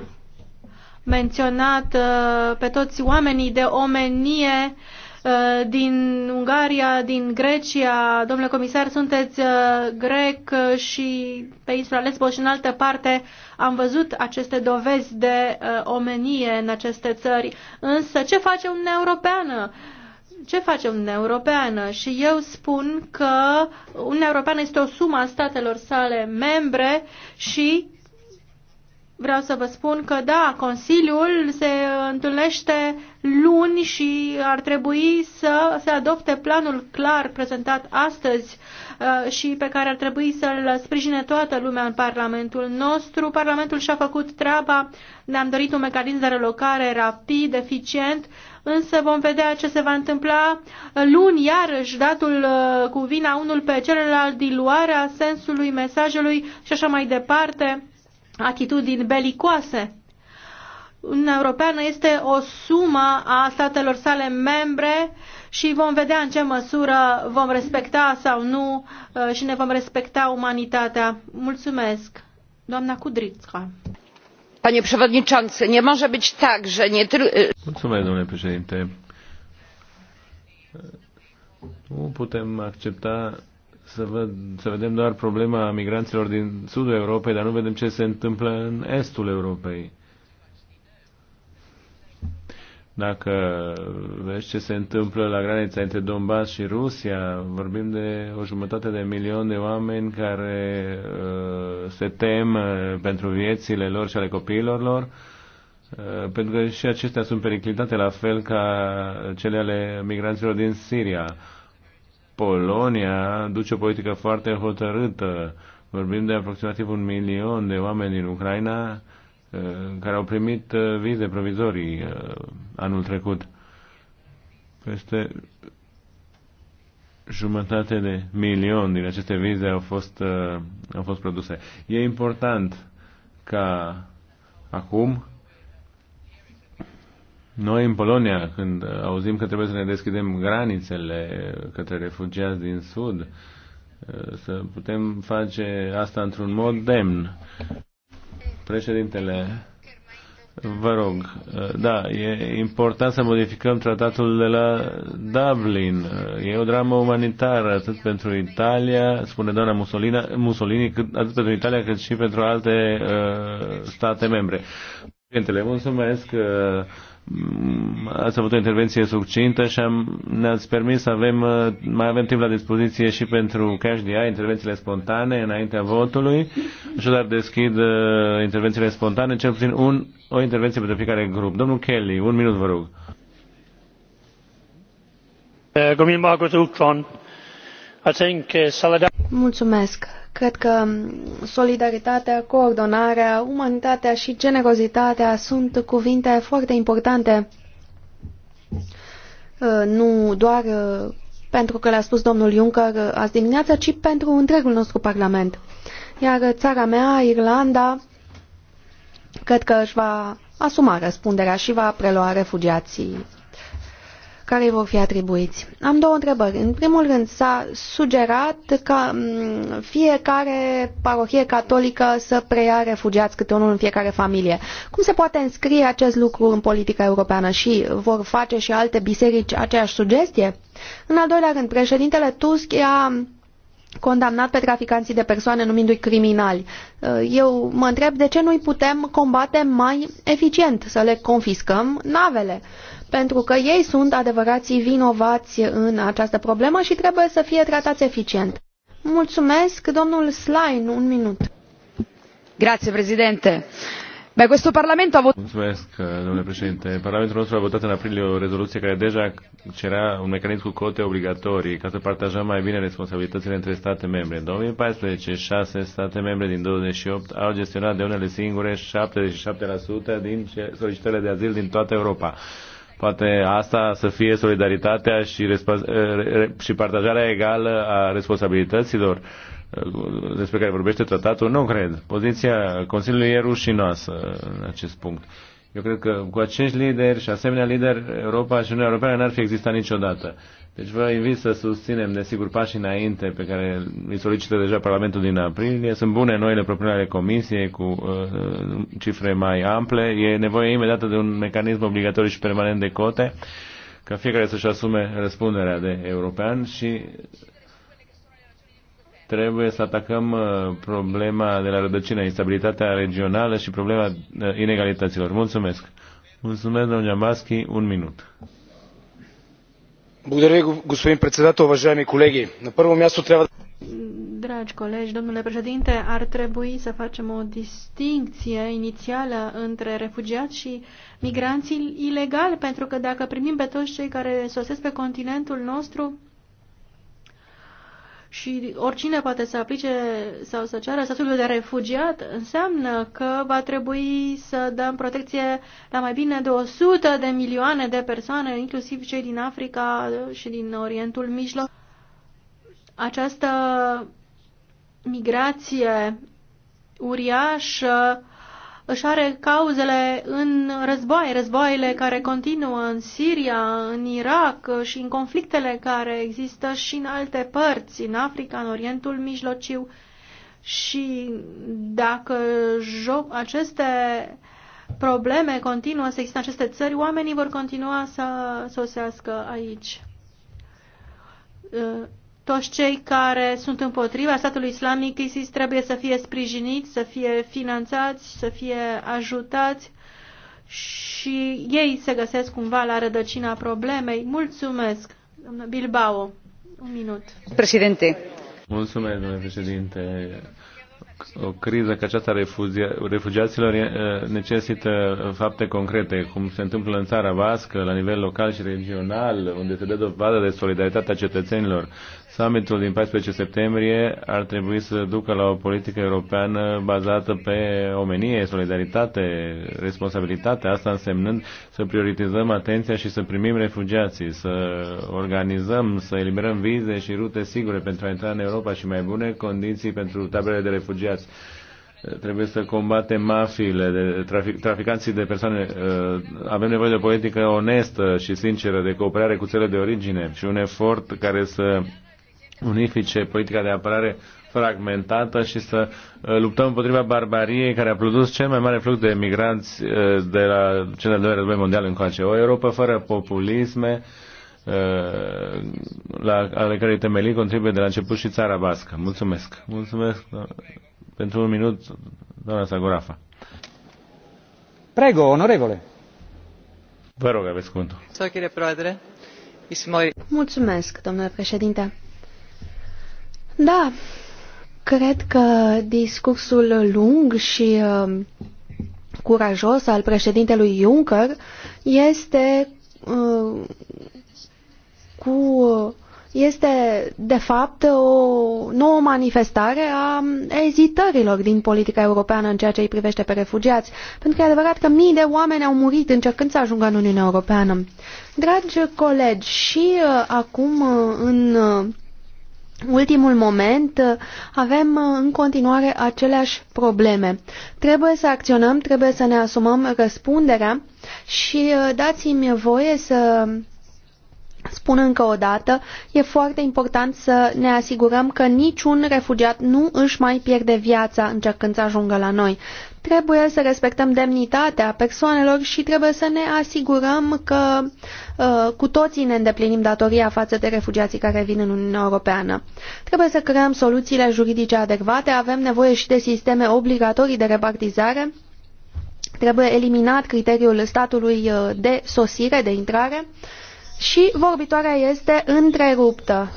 menționat uh, pe toți oamenii de omenie uh, din Ungaria, din Grecia. Domnule comisar, sunteți uh, grec și pe insula Lesbos și în altă parte am văzut aceste dovezi de omenie în aceste țări. Însă ce face Uniunea Europeană? ce face Uniunea Europeană? Și eu spun că Uniunea Europeană este o sumă a statelor sale membre și vreau să vă spun că da, Consiliul se întâlnește luni și ar trebui să se adopte planul clar prezentat astăzi uh, și pe care ar trebui să-l sprijine toată lumea în Parlamentul nostru. Parlamentul și-a făcut treaba, ne-am dorit un mecanism de relocare rapid, eficient însă vom vedea ce se va întâmpla luni, iarăși datul uh, cu vina unul pe celălalt, diluarea sensului mesajului și așa mai departe, atitudini belicoase. Uniunea Europeană este o sumă a statelor sale membre și vom vedea în ce măsură vom respecta sau nu uh, și ne vom respecta umanitatea. Mulțumesc. Doamna Kudrițca. Panie przewodniczący, nie może być tak, że nie Mulțumesc, domnule președinte. Nu putem accepta să, văd, să vedem doar problema migranților din sudul Europei, dar nu vedem ce se întâmplă în estul Europei dacă vezi ce se întâmplă la granița între Donbass și Rusia, vorbim de o jumătate de milion de oameni care uh, se tem uh, pentru viețile lor și ale copiilor lor, uh, pentru că și acestea sunt periclitate la fel ca cele ale migranților din Siria. Polonia duce o politică foarte hotărâtă. Vorbim de aproximativ un milion de oameni din Ucraina Uh, care au primit uh, vize provizorii uh, anul trecut. Peste jumătate de milion din aceste vize au fost, au fost produse. E important ca acum noi în Polonia, când auzim că trebuie să ne deschidem granițele către refugiați din Sud, să putem face asta într-un mod demn. Președintele, vă rog, da, e important să modificăm tratatul de la Dublin. E o dramă umanitară atât pentru Italia, spune doamna Mussolini, Mussolini cât, atât pentru Italia cât și pentru alte uh, state membre. Președintele, mulțumesc. Uh, ați avut o intervenție succintă și am, ne-ați permis să avem, uh, mai avem timp la dispoziție și pentru cash DI, intervențiile spontane înaintea votului. Așadar deschid uh, intervențiile spontane, cel puțin un, o intervenție pentru fiecare grup. Domnul Kelly, un minut vă rog. Uh, Mulțumesc. Cred că solidaritatea, coordonarea, umanitatea și generozitatea sunt cuvinte foarte importante, uh, nu doar uh, pentru că le-a spus domnul Juncker uh, azi dimineața, ci pentru întregul nostru Parlament. Iar țara mea, Irlanda, cred că își va asuma răspunderea și va prelua refugiații care îi vor fi atribuiți. Am două întrebări. În primul rând, s-a sugerat ca fiecare parohie catolică să preia refugiați câte unul în fiecare familie. Cum se poate înscrie acest lucru în politica europeană și vor face și alte biserici aceeași sugestie? În al doilea rând, președintele Tusk a condamnat pe traficanții de persoane numindu-i criminali. Uh, eu mă întreb de ce nu-i putem combate mai eficient, să le confiscăm navele pentru că ei sunt adevărații vinovați în această problemă și trebuie să fie tratați eficient. Mulțumesc, domnul Slain, un minut. Grazie, președinte. Beh, questo Parlamento ha votato... Mulțumesc, domnule președinte. Parlamentul nostru a votat în aprilie o rezoluție care deja cerea un mecanism cu cote obligatorii ca să partajăm mai bine responsabilitățile între state membre. În 2014, șase state membre din 28 au gestionat de unele singure 77% din solicitările de azil din toată Europa. Poate asta să fie solidaritatea și, eh, și partajarea egală a responsabilităților eh, despre care vorbește tratatul, nu cred. Poziția Consiliului e rușinoasă în acest punct. Eu cred că cu acești lideri și asemenea lideri, Europa și Uniunea Europeană n-ar fi existat niciodată. Deci vă invit să susținem, desigur, pașii înainte pe care îi solicită deja Parlamentul din aprilie. Sunt bune noile propuneri ale Comisiei cu uh, cifre mai ample. E nevoie imediată de un mecanism obligatoriu și permanent de cote ca fiecare să-și asume răspunderea de european și trebuie să atacăm uh, problema de la rădăcină, instabilitatea regională și problema uh, inegalităților. Mulțumesc! Mulțumesc, domnul Jambaski. Un minut. Dragi colegi, domnule președinte, ar trebui să facem o distincție inițială între refugiați și migranții ilegali, pentru că dacă primim pe toți cei care sosesc pe continentul nostru, și oricine poate să aplice sau să ceară statutul de refugiat, înseamnă că va trebui să dăm protecție la mai bine de 100 de milioane de persoane, inclusiv cei din Africa și din Orientul Mijloc. Această migrație uriașă își are cauzele în războaie, războaiele care continuă în Siria, în Irak și în conflictele care există și în alte părți, în Africa, în Orientul Mijlociu. Și dacă joc aceste probleme continuă să există în aceste țări, oamenii vor continua să sosească aici toți cei care sunt împotriva statului islamic ISIS trebuie să fie sprijiniți, să fie finanțați, să fie ajutați și ei se găsesc cumva la rădăcina problemei. Mulțumesc, domnul Bilbao. Un minut. Președinte. Mulțumesc, domnule președinte. O criză ca aceasta refugiaților necesită fapte concrete, cum se întâmplă în țara vască, la nivel local și regional, unde se dă dovadă de solidaritatea cetățenilor. Summitul din 14 septembrie ar trebui să ducă la o politică europeană bazată pe omenie, solidaritate, responsabilitate, asta însemnând să prioritizăm atenția și să primim refugiații, să organizăm, să eliberăm vize și rute sigure pentru a intra în Europa și mai bune condiții pentru taberele de refugiați trebuie să combatem mafiile, de trafic, traficanții de persoane. Uh, avem nevoie de o politică onestă și sinceră, de cooperare cu țările de origine și un efort care să unifice politica de apărare fragmentată și să uh, luptăm împotriva barbariei care a produs cel mai mare flux de emigranți uh, de la cel de-al doilea război mondial încoace. O Europa fără populisme, uh, la, ale cărei temelii contribuie de la început și țara bască. Mulțumesc. Mulțumesc pentru un minut, doamna Sagorafa. Prego, onorevole. Vă rog, aveți cuvântul. Mulțumesc, domnule președinte da, cred că discursul lung și uh, curajos al președintelui Juncker este uh, cu este de fapt o nouă manifestare a ezitărilor din politica europeană în ceea ce îi privește pe refugiați, pentru că e adevărat că mii de oameni au murit încercând să ajungă în Uniunea Europeană. Dragi colegi, și uh, acum uh, în uh, ultimul moment avem în continuare aceleași probleme. Trebuie să acționăm, trebuie să ne asumăm răspunderea și uh, dați-mi voie să Spun încă o dată, e foarte important să ne asigurăm că niciun refugiat nu își mai pierde viața încercând să ajungă la noi. Trebuie să respectăm demnitatea persoanelor și trebuie să ne asigurăm că uh, cu toții ne îndeplinim datoria față de refugiații care vin în Uniunea Europeană. Trebuie să creăm soluțiile juridice adecvate, avem nevoie și de sisteme obligatorii de repartizare, trebuie eliminat criteriul statului uh, de sosire, de intrare și vorbitoarea este întreruptă.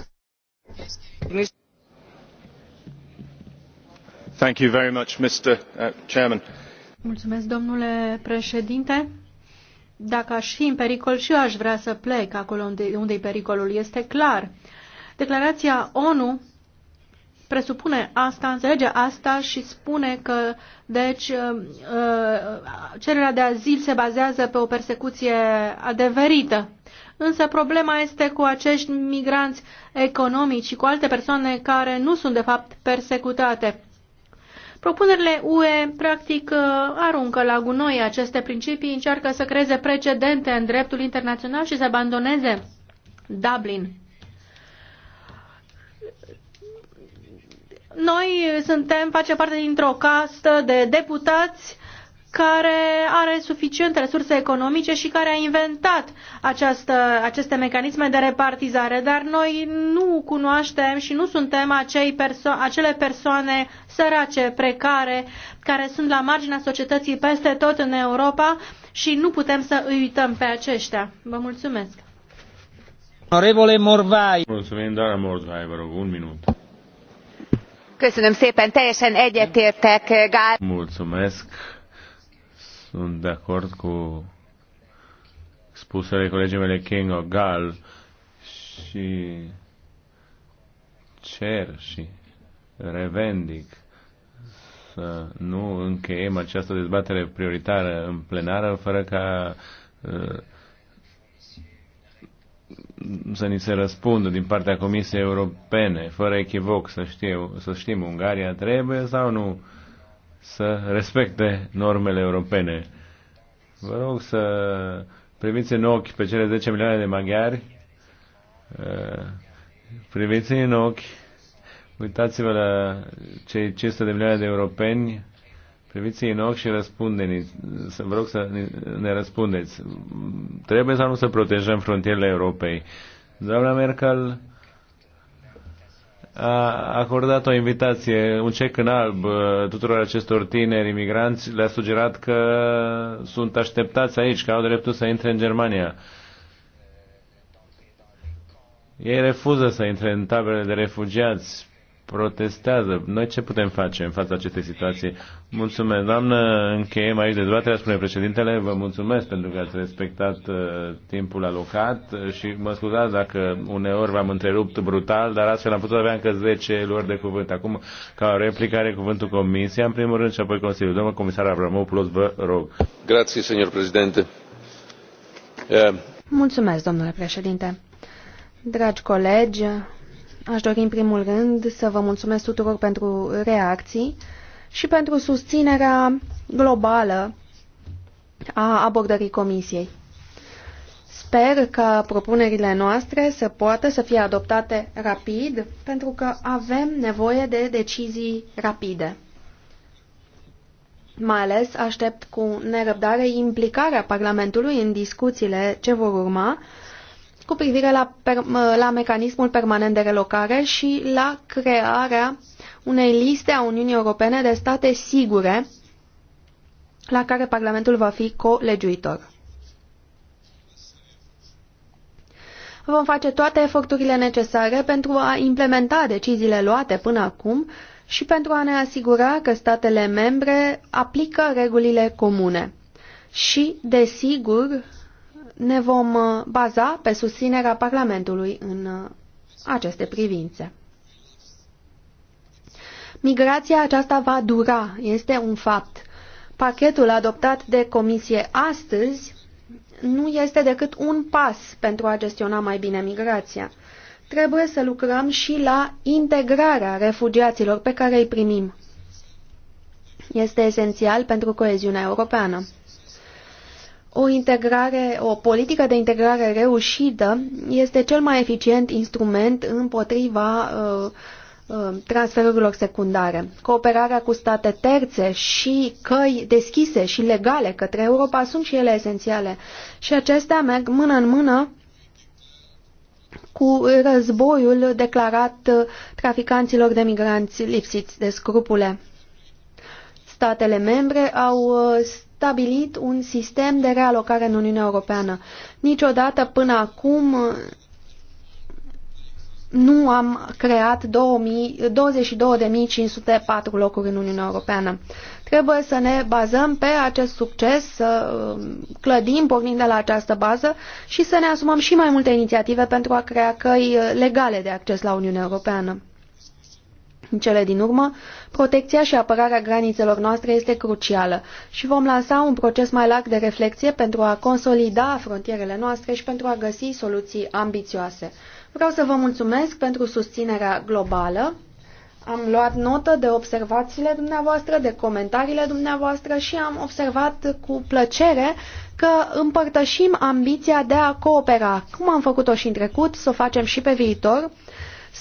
Uh, Mulțumesc, domnule președinte. Dacă aș fi în pericol și eu aș vrea să plec acolo unde, e pericolul, este clar. Declarația ONU presupune asta, înțelege asta și spune că, deci, uh, uh, cererea de azil se bazează pe o persecuție adeverită. Însă problema este cu acești migranți economici și cu alte persoane care nu sunt, de fapt, persecutate. Propunerile UE, practic, uh, aruncă la gunoi aceste principii, încearcă să creeze precedente în dreptul internațional și să abandoneze Dublin. Noi suntem, face parte dintr-o castă de deputați care are suficiente resurse economice și care a inventat această, aceste mecanisme de repartizare, dar noi nu cunoaștem și nu suntem acei perso- acele persoane sărace, precare, care sunt la marginea societății peste tot în Europa și nu putem să îi uităm pe aceștia. Vă mulțumesc! Onorevole Morvai. Mulțumim, doamna Morvai, vă rog, un minut. Köszönöm szépen, teljesen egyetértek, Gál. Mulțumesc sunt de acord cu spusele colegii mele King Gal și cer și revendic să nu încheiem această dezbatere prioritară în plenară fără ca uh, să ni se răspundă din partea Comisiei Europene, fără echivoc, să, știu, să știm, Ungaria trebuie sau nu să respecte normele europene. Vă rog să priviți în ochi pe cele 10 milioane de maghiari, uh, priviți în ochi, uitați-vă la cei 500 de milioane de europeni, priviți în ochi și răspundeți. vă rog să ne răspundeți. Trebuie sau nu să protejăm frontierele Europei? Doamna Merkel, a acordat o invitație, un cec în alb uh, tuturor acestor tineri imigranți, le-a sugerat că sunt așteptați aici, că au dreptul să intre în Germania. Ei refuză să intre în taberele de refugiați protestează. Noi ce putem face în fața acestei situații? Mulțumesc, doamnă, încheiem aici A spune președintele, vă mulțumesc pentru că ați respectat uh, timpul alocat uh, și mă scuzați dacă uneori v-am întrerupt brutal, dar astfel am putut avea încă 10 luări de cuvânt. Acum, ca o replică, are cuvântul Comisia, în primul rând, și apoi Consiliul. Domnul comisar Avramopoulos, vă rog. Grazie, senior președinte. Yeah. Mulțumesc, domnule președinte. Dragi colegi, Aș dori în primul rând să vă mulțumesc tuturor pentru reacții și pentru susținerea globală a abordării Comisiei. Sper că propunerile noastre să poată să fie adoptate rapid, pentru că avem nevoie de decizii rapide. Mai ales aștept cu nerăbdare implicarea Parlamentului în discuțiile ce vor urma cu privire la, per, la mecanismul permanent de relocare și la crearea unei liste a Uniunii Europene de state sigure la care Parlamentul va fi colegiuitor. Vom face toate eforturile necesare pentru a implementa deciziile luate până acum și pentru a ne asigura că statele membre aplică regulile comune. Și, desigur, ne vom uh, baza pe susținerea Parlamentului în uh, aceste privințe. Migrația aceasta va dura, este un fapt. Pachetul adoptat de Comisie astăzi nu este decât un pas pentru a gestiona mai bine migrația. Trebuie să lucrăm și la integrarea refugiaților pe care îi primim. Este esențial pentru coeziunea europeană o integrare, o politică de integrare reușită este cel mai eficient instrument împotriva uh, uh, transferurilor secundare. Cooperarea cu state terțe și căi deschise și legale către Europa sunt și ele esențiale și acestea merg mână în mână cu războiul declarat traficanților de migranți lipsiți de scrupule. Statele membre au uh, stabilit un sistem de realocare în Uniunea Europeană. Niciodată până acum nu am creat 22.504 locuri în Uniunea Europeană. Trebuie să ne bazăm pe acest succes, să um, clădim pornind de la această bază și să ne asumăm și mai multe inițiative pentru a crea căi uh, legale de acces la Uniunea Europeană. În cele din urmă, protecția și apărarea granițelor noastre este crucială și vom lansa un proces mai larg de reflexie pentru a consolida frontierele noastre și pentru a găsi soluții ambițioase. Vreau să vă mulțumesc pentru susținerea globală. Am luat notă de observațiile dumneavoastră, de comentariile dumneavoastră și am observat cu plăcere că împărtășim ambiția de a coopera, cum am făcut-o și în trecut, să o facem și pe viitor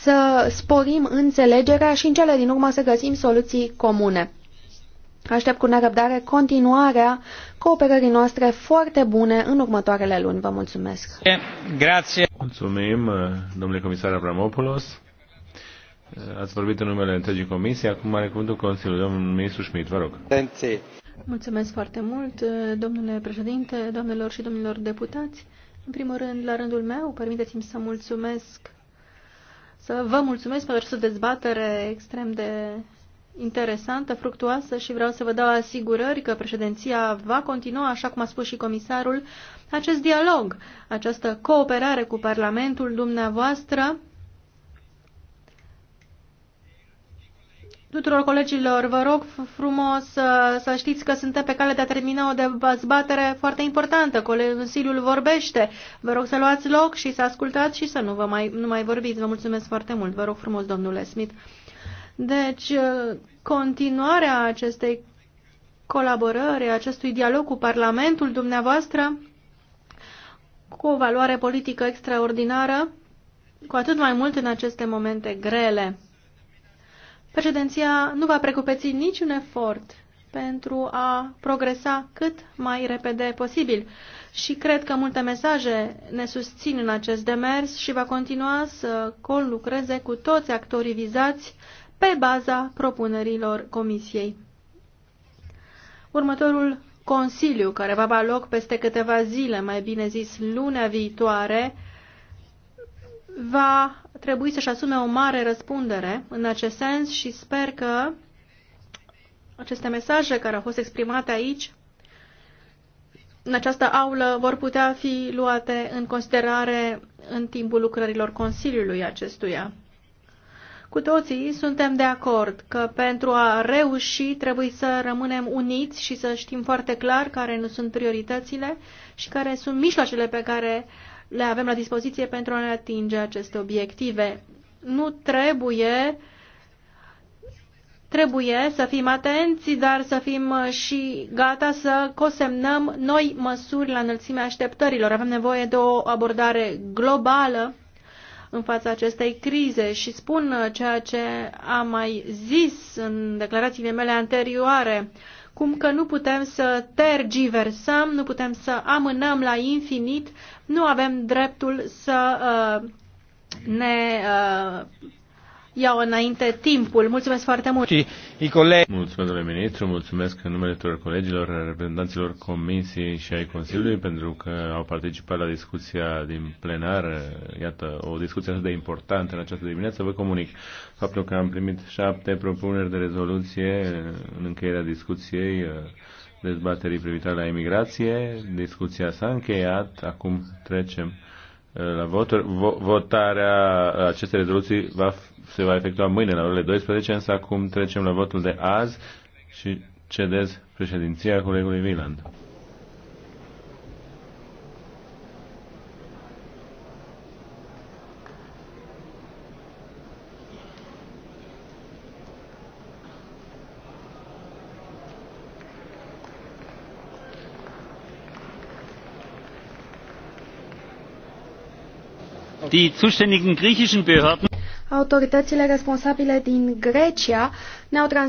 să sporim înțelegerea și în cele din urmă să găsim soluții comune. Aștept cu nerăbdare continuarea cooperării noastre foarte bune în următoarele luni. Vă mulțumesc! Grație! Mulțumim, domnule comisar Abramopoulos. Ați vorbit în numele întregii comisii. Acum are cuvântul Consiliul. Domnul ministru Schmidt, vă rog. Mulțumesc foarte mult, domnule președinte, doamnelor și domnilor deputați. În primul rând, la rândul meu, permiteți-mi să mulțumesc să vă mulțumesc pentru această dezbatere extrem de interesantă, fructuoasă și vreau să vă dau asigurări că președinția va continua, așa cum a spus și comisarul, acest dialog, această cooperare cu Parlamentul dumneavoastră tuturor colegilor, vă rog frumos să, uh, să știți că suntem pe cale de a termina o dezbatere foarte importantă. Consiliul vorbește. Vă rog să luați loc și să ascultați și să nu, vă mai, nu mai vorbiți. Vă mulțumesc foarte mult. Vă rog frumos, domnule Smith. Deci, uh, continuarea acestei colaborări, acestui dialog cu Parlamentul dumneavoastră, cu o valoare politică extraordinară, cu atât mai mult în aceste momente grele. Președinția nu va precupeți niciun efort pentru a progresa cât mai repede posibil. Și cred că multe mesaje ne susțin în acest demers și va continua să conlucreze cu toți actorii vizați pe baza propunerilor Comisiei. Următorul Consiliu, care va avea loc peste câteva zile, mai bine zis lunea viitoare, va trebui să-și asume o mare răspundere în acest sens și sper că aceste mesaje care au fost exprimate aici, în această aulă, vor putea fi luate în considerare în timpul lucrărilor Consiliului acestuia. Cu toții suntem de acord că pentru a reuși trebuie să rămânem uniți și să știm foarte clar care nu sunt prioritățile și care sunt mijloacele pe care le avem la dispoziție pentru a ne atinge aceste obiective. Nu trebuie trebuie să fim atenți, dar să fim și gata să cosemnăm noi măsuri la înălțimea așteptărilor. Avem nevoie de o abordare globală în fața acestei crize și spun ceea ce am mai zis în declarațiile mele anterioare cum că nu putem să tergiversăm, nu putem să amânăm la infinit, nu avem dreptul să uh, ne uh, iau înainte timpul. Mulțumesc foarte mult. Și, colegi... Mulțumesc, domnule ministru, mulțumesc în numele tuturor colegilor, reprezentanților Comisiei și ai Consiliului pentru că au participat la discuția din plenar. Iată, o discuție atât de importantă în această dimineață. Vă comunic faptul că am primit șapte propuneri de rezoluție în încheierea discuției uh, dezbaterii privitoare la imigrație. Discuția s-a încheiat, acum trecem uh, la voturi. Vo- votarea acestei rezoluții va, se va efectua mâine la orele 12, însă acum trecem la votul de azi și cedez președinția colegului Viland. Die zuständigen griechischen Behörden Autoritățile responsabile din Grecia ne-au transmis